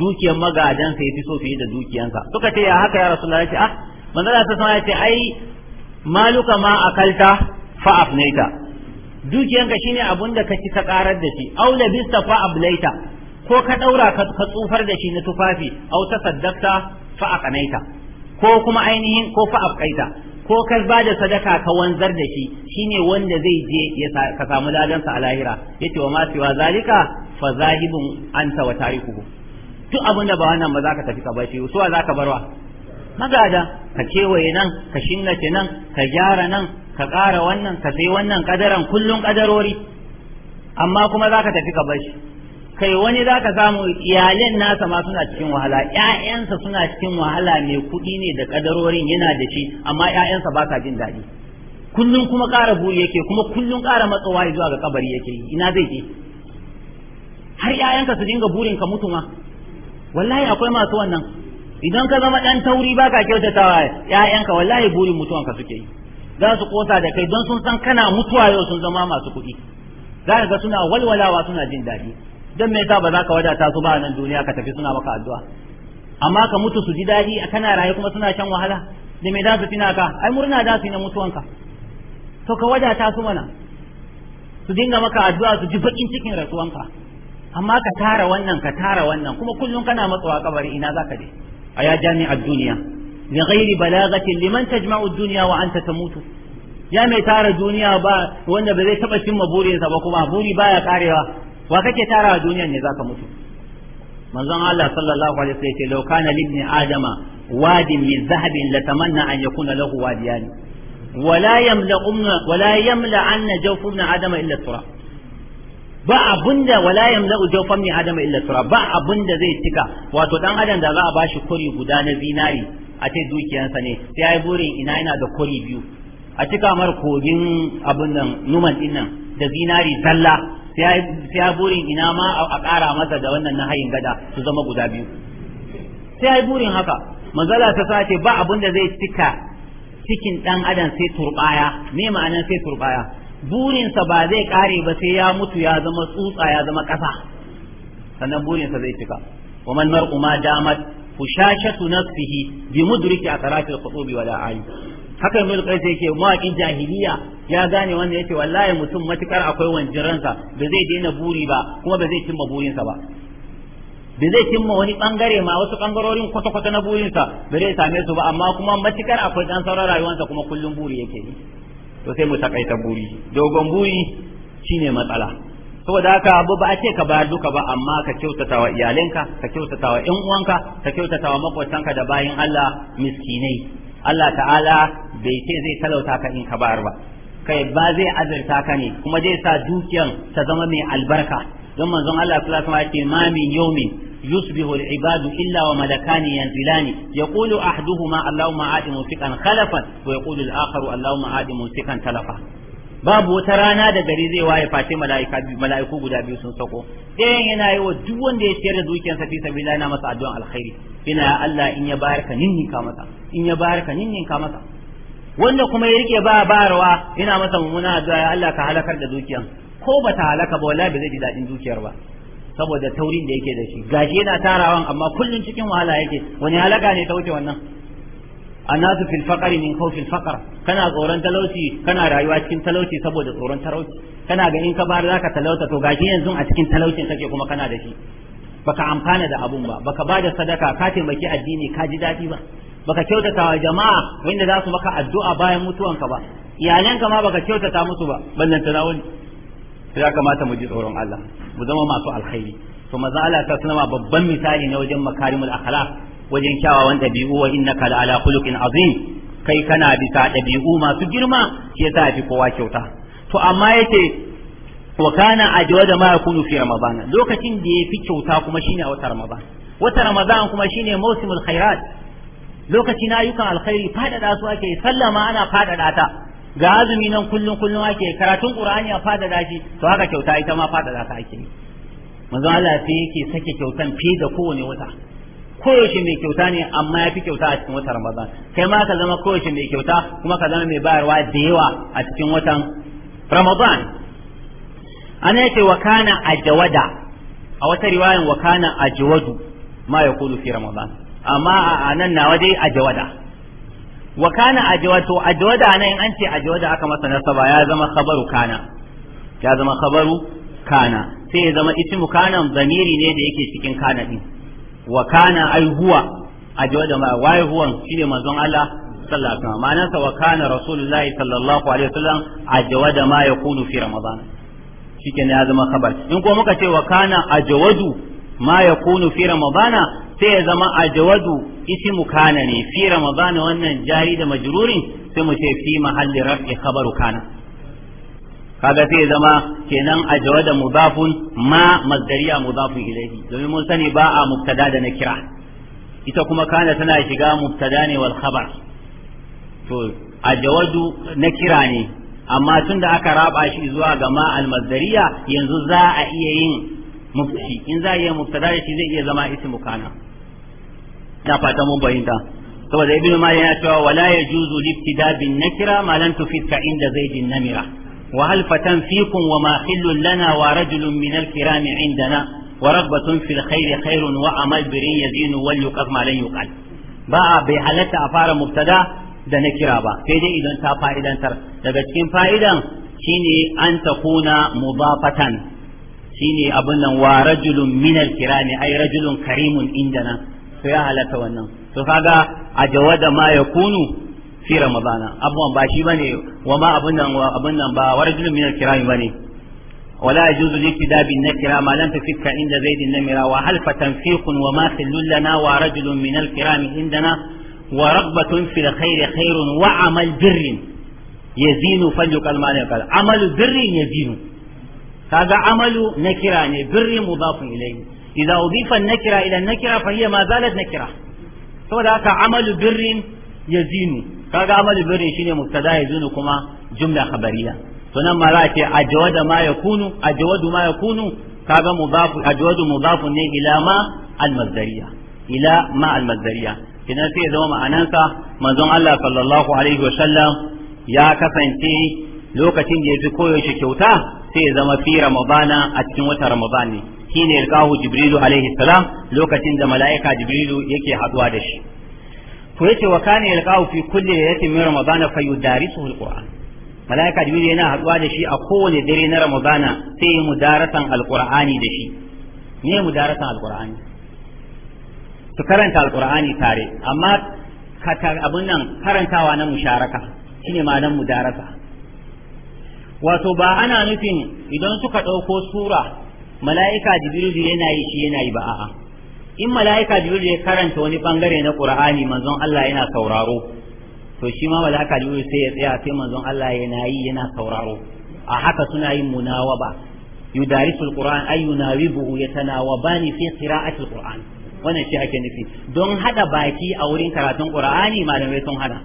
dukiyar magadansa ya fi so fiye da dukiyansa suka ce ya haka ya rasulullahi ce ah mazala ta san yace ai maluka ma akalta fa afnaita dukiyanka shine abun da ka ta ka karar da shi aw labista fa ablaita ko ka daura ka tsufar da shi na tufafi aw saddaqta fa aqnaita ko kuma ainihin ko fa afqaita ko ka ba da sadaka ka wanzar da shi shine wanda zai je ya ka samu ladansa a lahira yace wa ma siwa zalika fa zahibun anta wa tarikuhu duk abin da ba wannan ba za ka tafi ka bar shi suwa za ka barwa magada ka kewaye nan ka shinnace nan ka gyara nan ka ƙara wannan ka sai wannan kadaran kullun kadarori amma kuma za ka tafi ka bar shi kai wani za ka samu iyalen nasa ma suna cikin wahala ƴaƴansa suna cikin wahala mai kuɗi ne da kadarorin yana da shi amma ƴaƴansa ba sa jin daɗi kullum kuma ƙara buri yake kuma kullum ƙara matsawa zuwa ga kabari yake ina zai je har ƴaƴanka su dinga burin ka mutu ma wallahi akwai masu wannan idan ka zama ɗan tauri ba ka kyautatawa ƴaƴanka wallahi burin ka suke yi za su kosa da kai don sun san kana mutuwa yau sun zama masu kuɗi za ka ga suna walwalawa suna jin daɗi dan me yasa ba za ka wadata su ba nan duniya ka tafi suna maka addu'a amma ka mutu su ji daɗi a kana raye kuma suna shan wahala da me za su tina ka ai murna za su yi na mutuwanka to ka wadata su mana su dinga maka addu'a su ji bakin cikin rasuwanka amma ka tara wannan ka tara wannan kuma kullum kana matsawa kabari ina zaka je a ya jami'ar duniya li ghairi balagatin liman tajma'u dunya wa anta tamutu ya mai tara duniya ba wanda bai zai taba cimma burinsa ba kuma buri baya karewa wa kake tara a duniyan ne zaka mutu manzon Allah sallallahu alaihi wasallam yace law kana li adama wadi min zahabin latamanna an yakuna lahu wadiyan wala yamla umma wala yamla anna jawf adama illa turab ba abunda wala yamla jawf adama illa turab ba abunda zai cika wato dan adam da za a bashi kuri guda na zinari a ce dukiyansa ne sai ya yi burin ina ina da kuri biyu a cika mar kogin abin nan numan din nan da zinari zalla sai burin ina ma a ƙara masa da wannan nahayin gada su zama guda biyu sai burin haka manzala ta sace ba abin da zai cika cikin dan adam sai turbaya me ma'anar sai turbaya burinsa ba zai kare ba sai ya mutu ya zama tsutsa ya zama ƙasa sannan burinsa zai cika wa man mar'u ma damat fushashatu nafsihi bi mudriki atarati al-qutubi wala ayi haka mai kai sai yake mawaƙin jahiliya ya gane wanda yake wallahi mutum matukar akwai wanjin ransa ba zai daina buri ba kuma ba zai cimma burinsa ba ba zai cimma wani bangare ma wasu bangarorin kwata kwata na burinsa ba zai same su ba amma kuma matukar akwai dan sauran rayuwarsa kuma kullum buri yake yi to sai mu takaita buri dogon buri shine matsala saboda haka abu ba a ce ka bayar duka ba amma ka kyautata wa iyalinka ka kyautata wa ƴan uwanka ka kyautata wa makwatanka da bayin Allah miskinai Allah ta'ala bai ce zai talauta ka in ka bar ba kai ba zai azurta ka ne kuma zai sa dukiyan ta zama mai albarka don manzon Allah sallallahu alaihi wasallam ya ce ma min yawmin yusbihu al-ibad illa wa malakani yanzilani yaqulu ahduhuma allahumma aati musikan khalafan wa yaqulu al-akharu allahumma aati musikan talafa babu wata rana da gari zai waye face mala'ika mala'iku guda biyu sun sako ɗayan yana yi wa duk wanda ya ciyar da dukiyarsa fi sabilillah yana masa addu'an alkhairi ina Allah in ya bayar ka ninninka masa in ya bayar ka ninninka masa wanda kuma ya rike ba barawa ina masa mummuna addu'a ya Allah ka halakar da dukiyan ko ba ta halaka ba wallahi ba zai ji dadin dukiyar ba saboda taurin da yake da shi gashi yana tarawan amma kullun cikin wahala yake wani halaka ne ta wuce wannan annasu fil faqri min khawfil faqr kana tsoron talauci kana rayuwa cikin talauci saboda tsoron talauci kana ga in ka bar zaka talauta to gashi yanzu a cikin talaucin kake kuma kana da shi baka amfana da abun ba baka bada sadaka ka taimaki addini ka ji dadi ba baka kyautata wa jama'a wanda za su maka addu'a bayan mutuwanka ba iyalanka ma baka kyautata musu ba ballan ta wani sai ya kamata mu ji tsoron Allah mu zama masu alkhairi to maza Allah ta sanama babban misali ne wajen makarimul akhlaq wajen kyawawan dabi'u wa innaka la'ala khuluqin azim kai kana bisa dabi'u masu girma shi yasa fi kowa kyauta to amma yace wa kana ajwada ma yakunu fi ramadana lokacin da yafi kyauta kuma shine a watan ramadan watan ramadan kuma shine mawsimul khairat lokaci na ayyukan alkhairi fadada su ake sallama ana fadada ta ga azumi nan kullun kullun ake karatun qur'ani a fadada shi to haka kyauta ita ma fadada ta ake manzo Allah sai yake sake kyautan fi da kowane wata koyaushe mai kyauta ne amma ya fi kyauta a cikin watan Ramadan kai ma ka zama koyaushe mai kyauta kuma ka zama mai bayarwa da yawa a cikin watan Ramadan ana yake wa kana ajwada a wata riwayan wa kana ajwadu ma yaqulu fi Ramadan amma a nan nawa dai a jawada wa kana ajwa to ajwada nan an ce ajwada aka masa nasaba ya zama khabaru kana ya zama khabaru kana sai ya zama ismu kana zamiri ne da yake cikin kana din wa kana ai huwa ajwada ma wai huwan shine manzon Allah sallallahu alaihi wasallam ma'anarsa wa kana rasulullahi sallallahu alaihi wasallam ajwada ma yakunu fi ramadan shike ya zama khabar in ko muka ce wa kana ajwadu ma yakunu fi ramadana sai ya zama jawadu ismu kana ne fi ramadan wannan jari da majrurin sai mu ce fi mahalli raf'i khabaru kana kaga sai ya zama kenan ajwada mudafun ma masdariya mudafun ilayhi domin mun sani ba a mubtada da nakira ita kuma kana tana shiga mubtada ne wal khabar to na nakira ne amma tunda aka raba shi zuwa ga ma al mazdariya yanzu za a iya yin mufti in za a iya mubtada shi zai iya zama ismu kana na fata mun bayyana saboda ibn malik yana cewa wala yajuzu libtida na nakira ma lan tufidka inda zaidin namira wa hal fatan fikum wa ma khillun lana wa rajulun min al kiram indana wa rabbatun fil khairi khairun wa amal birin yazinu wal yuqaf ma lan yuqal ba bai halarta a fara mubtada da nakira ba sai dai idan ta fa'idantar daga cikin fa'idan shine an takuna mudafatan shine abin nan wa rajulun min al kirami ay rajulun karimun indana sai ya wannan to kaga a da ma ya kunu fi ramadana abuwan ba shi bane wa ma abun nan abun nan ba warajulun min alkirami bane wala yajuzu li kitabin nakira ma lam tafikka inda zaid bin namira wa hal fa wa ma khillun lana wa rajulun min alkirami indana wa rabbatun fil khair khairun wa amal birr yazinu fanju kalman ya kal amal birr yazinu kaga amalu nakira ne birri mudafun ilayhi idza udifa an-nakira ila an-nakira fa hiya ma zalat nakira saboda haka amalu birrin yazinu kaga amalu birrin shine mubtada yazinu kuma jumla khabariya to nan ma za a ce ajwada ma yakunu ajwadu ma yakunu kaga mudaf ajwadu mudaf ne ila ma al-mazdariya ila ma al-mazdariya kina ya zama ma'anansa manzon Allah sallallahu alaihi wa ya kasance lokacin da ya fi koyaushe kyauta sai ya zama fi ramadana a cikin wata ramadana shine yalqahu jibrilu alaihi salam lokacin da malaika jibrilu yake haduwa da shi to yace wa kana yalqahu fi kulli laylatin min ramadana fayudarisuhu alquran malaika jibrilu yana haduwa da shi a kowane dare na ramadana sai ya mudaratan alqurani da shi me mudaratan alqurani su karanta alqurani tare amma abun nan karantawa na musharaka shine ma'anar mudarasa wato ba ana nufin idan suka ɗauko sura mala'ika jibril yana yi shi yana yi ba a'a in mala'ika jibril ya karanta wani bangare na qur'ani manzon Allah yana sauraro to shi ma mala'ika jibril sai ya tsaya sai manzon Allah yana yi yana sauraro a haka suna yin munawaba yudarisu alquran ay wibu yatanawabani fi qira'ati alquran wannan shi ake nufi don hada baki a wurin karatun qur'ani malamai sun hada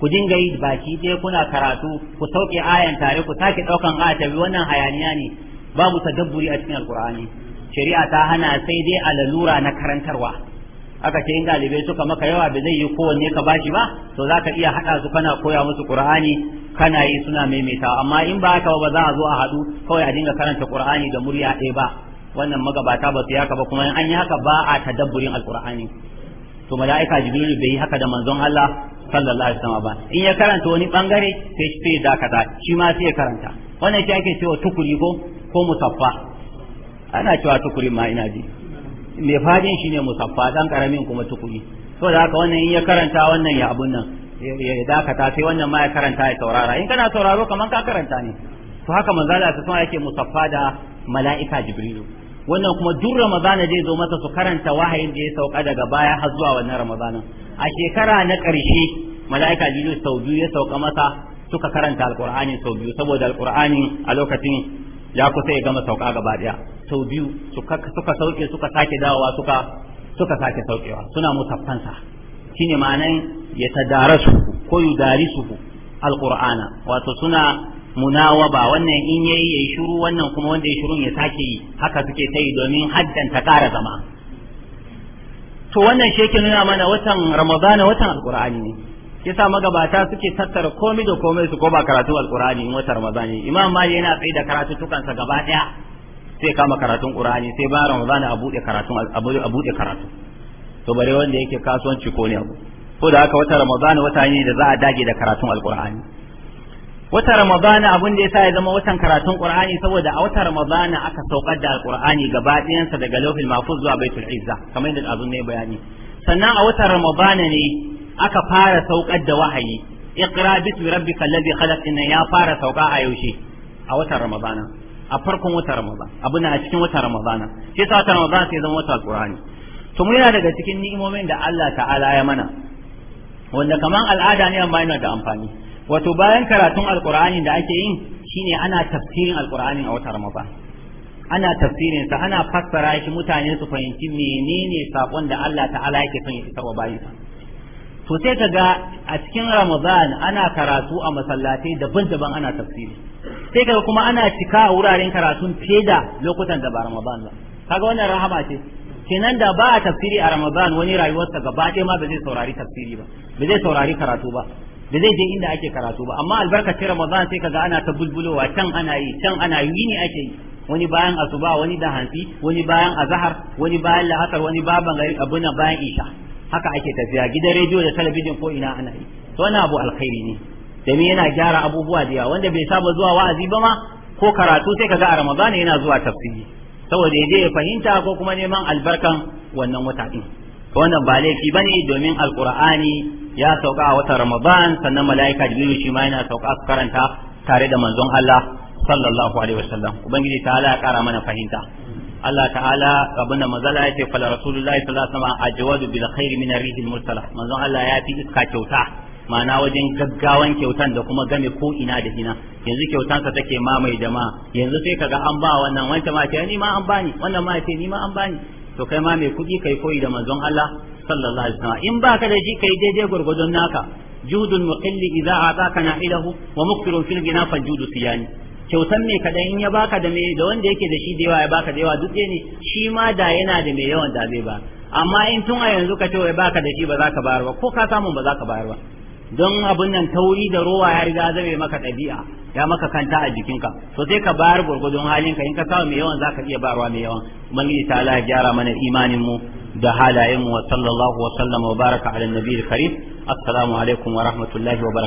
ku dinga yi baki ɗaya kuna karatu ku sauke ayan tare ku sake ɗaukan ayata bi wannan hayaniya ne babu tadabburi a cikin alqur'ani shari'a ta hana sai dai a na karantarwa aka ce in dalibai suka maka yawa ba zai yi kowanne ka bashi ba to zaka iya hada su kana koya musu qur'ani kana yi suna maimaita amma in ba haka ba za a zo a hadu kawai a dinga karanta qur'ani da murya ɗaya ba wannan magabata ba su yaka ba kuma an yi haka ba a tadabburin alqur'ani to mala'ika jibrilu bai yi haka da manzon Allah sallallahu alaihi wasallam ba in ya karanta wani bangare sai shi dakata shi ma sai ya karanta wannan shi ake cewa tukuri ko ko musaffa ana cewa tukuri ma ina ji mai fadin shine musaffa dan karamin kuma tukuri to da haka wannan in ya karanta wannan ya abun nan ya dakata sai wannan ma ya karanta ya saurara in kana sauraro kaman ka karanta ne to haka manzo Allah sai yake musaffa da mala'ika jibrilu wannan kuma duk ramadana zai zo masa su karanta wahayin da ya sauka daga baya har zuwa wannan ramadana a shekara na ƙarshe mala'ika jibril sau biyu ya sauka masa suka karanta alqur'ani sau biyu saboda alqur'ani a lokacin ya kusa ya gama sauka gaba daya sau biyu suka sauke suka sake dawowa suka suka sake saukewa suna musaffansa shine ma'anan ya tadarasu ko yudarisu alqur'ana wato suna munawaba wannan in yayi yayi shiru wannan kuma wanda ya shirun ya sake yi haka suke ta domin haddan ta ƙara zama to wannan shekin nuna mana watan ramadana watan alqur'ani ne yasa magabata suke tattara komai da komai su ko ba karatu alqur'ani in wata ramadani imam mali yana tsaye da karatu tukansa gaba daya sai kama karatun qur'ani sai ba ramadani a bude karatu a bude karatu to bare wanda yake kasuwanci ko ne abu ko da haka wata ramadani wata ne da za a dage da karatun alqur'ani wata ramadan abun da yasa ya zama watan karatun qur'ani saboda a wata ramadan aka saukar da alqur'ani gaba ɗayansa daga lawhil mahfuz zuwa baitul izza kamar yadda azun ne bayani sannan a watan ramadan ne aka fara saukar da wahayi iqra bismi rabbika ladzi khalaq inna ya fara sauka a yaushe a watan ramadana a farkon watan ramadan abuna a cikin watan ramadana shi sa watan ramadana sai zama watan qur'ani to mu yana daga cikin ni'imomin da Allah ta'ala ya mana wanda kaman al'ada ne amma yana da amfani wato bayan karatun alqur'ani da ake yin shine ana tafsirin alqur'ani a watan Ramadana. ana tafsirin sa ana fassara shi mutane su fahimci menene sakon da Allah ta'ala yake son ya isarwa bayinsa to sai ka ga a cikin ramadan ana karatu a masallatai daban-daban ana tafsiri sai ka kuma ana cika a wuraren karatun fiye da lokutan da ba ramadan ba kaga wannan rahama ce kenan da ba a tafsiri a ramadan wani rayuwarsa gaba ɗaya ma ba zai saurari tafsiri ba ba zai saurari karatu ba ba zai je inda ake karatu ba amma albarkacin ramadan sai kaga ana ta bulbulowa can ana yi can ana yi ne ake yi wani bayan asuba wani da hanfi, wani bayan azhar wani bayan la'asar wani baban abuna bayan isha haka ake tafiya gidan rediyo da talabijin ko ina ana yi to abu alkhairi ne domin yana gyara abubuwa da yawa wanda bai saba zuwa wa'azi ba ma ko karatu sai kaga a ramadana yana zuwa tafsiri saboda ya je ya fahimta ko kuma neman albarkan wannan wata din wannan ba laifi bane domin alqur'ani ya sauka a watan ramadan sannan malaika jibrilu shi ma yana sauka su karanta tare da manzon Allah sallallahu alaihi wasallam ubangiji ta ya kara mana fahimta Allah ta'ala abinda mazala ya ce fala rasulullahi sallallahu alaihi wasallam ajwadu bil khairi min ar-rihil mursala manzon Allah ya fi iska kyauta ma'ana wajen gaggawan kyautan da kuma game ko ina da ina yanzu kyautan sa take mamaye jama'a yanzu sai kaga an ba wannan wanda ma ce ni ma an bani wannan ma ce ni ma an bani to kai ma mai kuɗi kai koyi da manzon Allah sallallahu alaihi wasallam in baka da shi kai daidai gurgudun naka judul muqilli idza ataka na'ilahu wa muqtirun fil gina fa judu siyani kyautan me kaɗan in ya baka da me da wanda yake da shi da yawa ya baka da yawa duk ne shi ma da yana da mai yawan da zai ba amma in tun a yanzu ka ce wai baka da shi ba za ka bayar ba ko ka samu ba za ka bayar ba don abun nan tauri da rowa ya riga zame maka ɗabi'a ya maka kanta a jikinka so sai ka bayar gurgudun halinka in ka samu mai yawan za ka iya bayarwa mai yawan ubangiji ta Allah gyara mana imanin mu da halayen mu wa sallallahu wa sallama wa baraka ala nabiyil karim assalamu alaikum wa rahmatullahi wa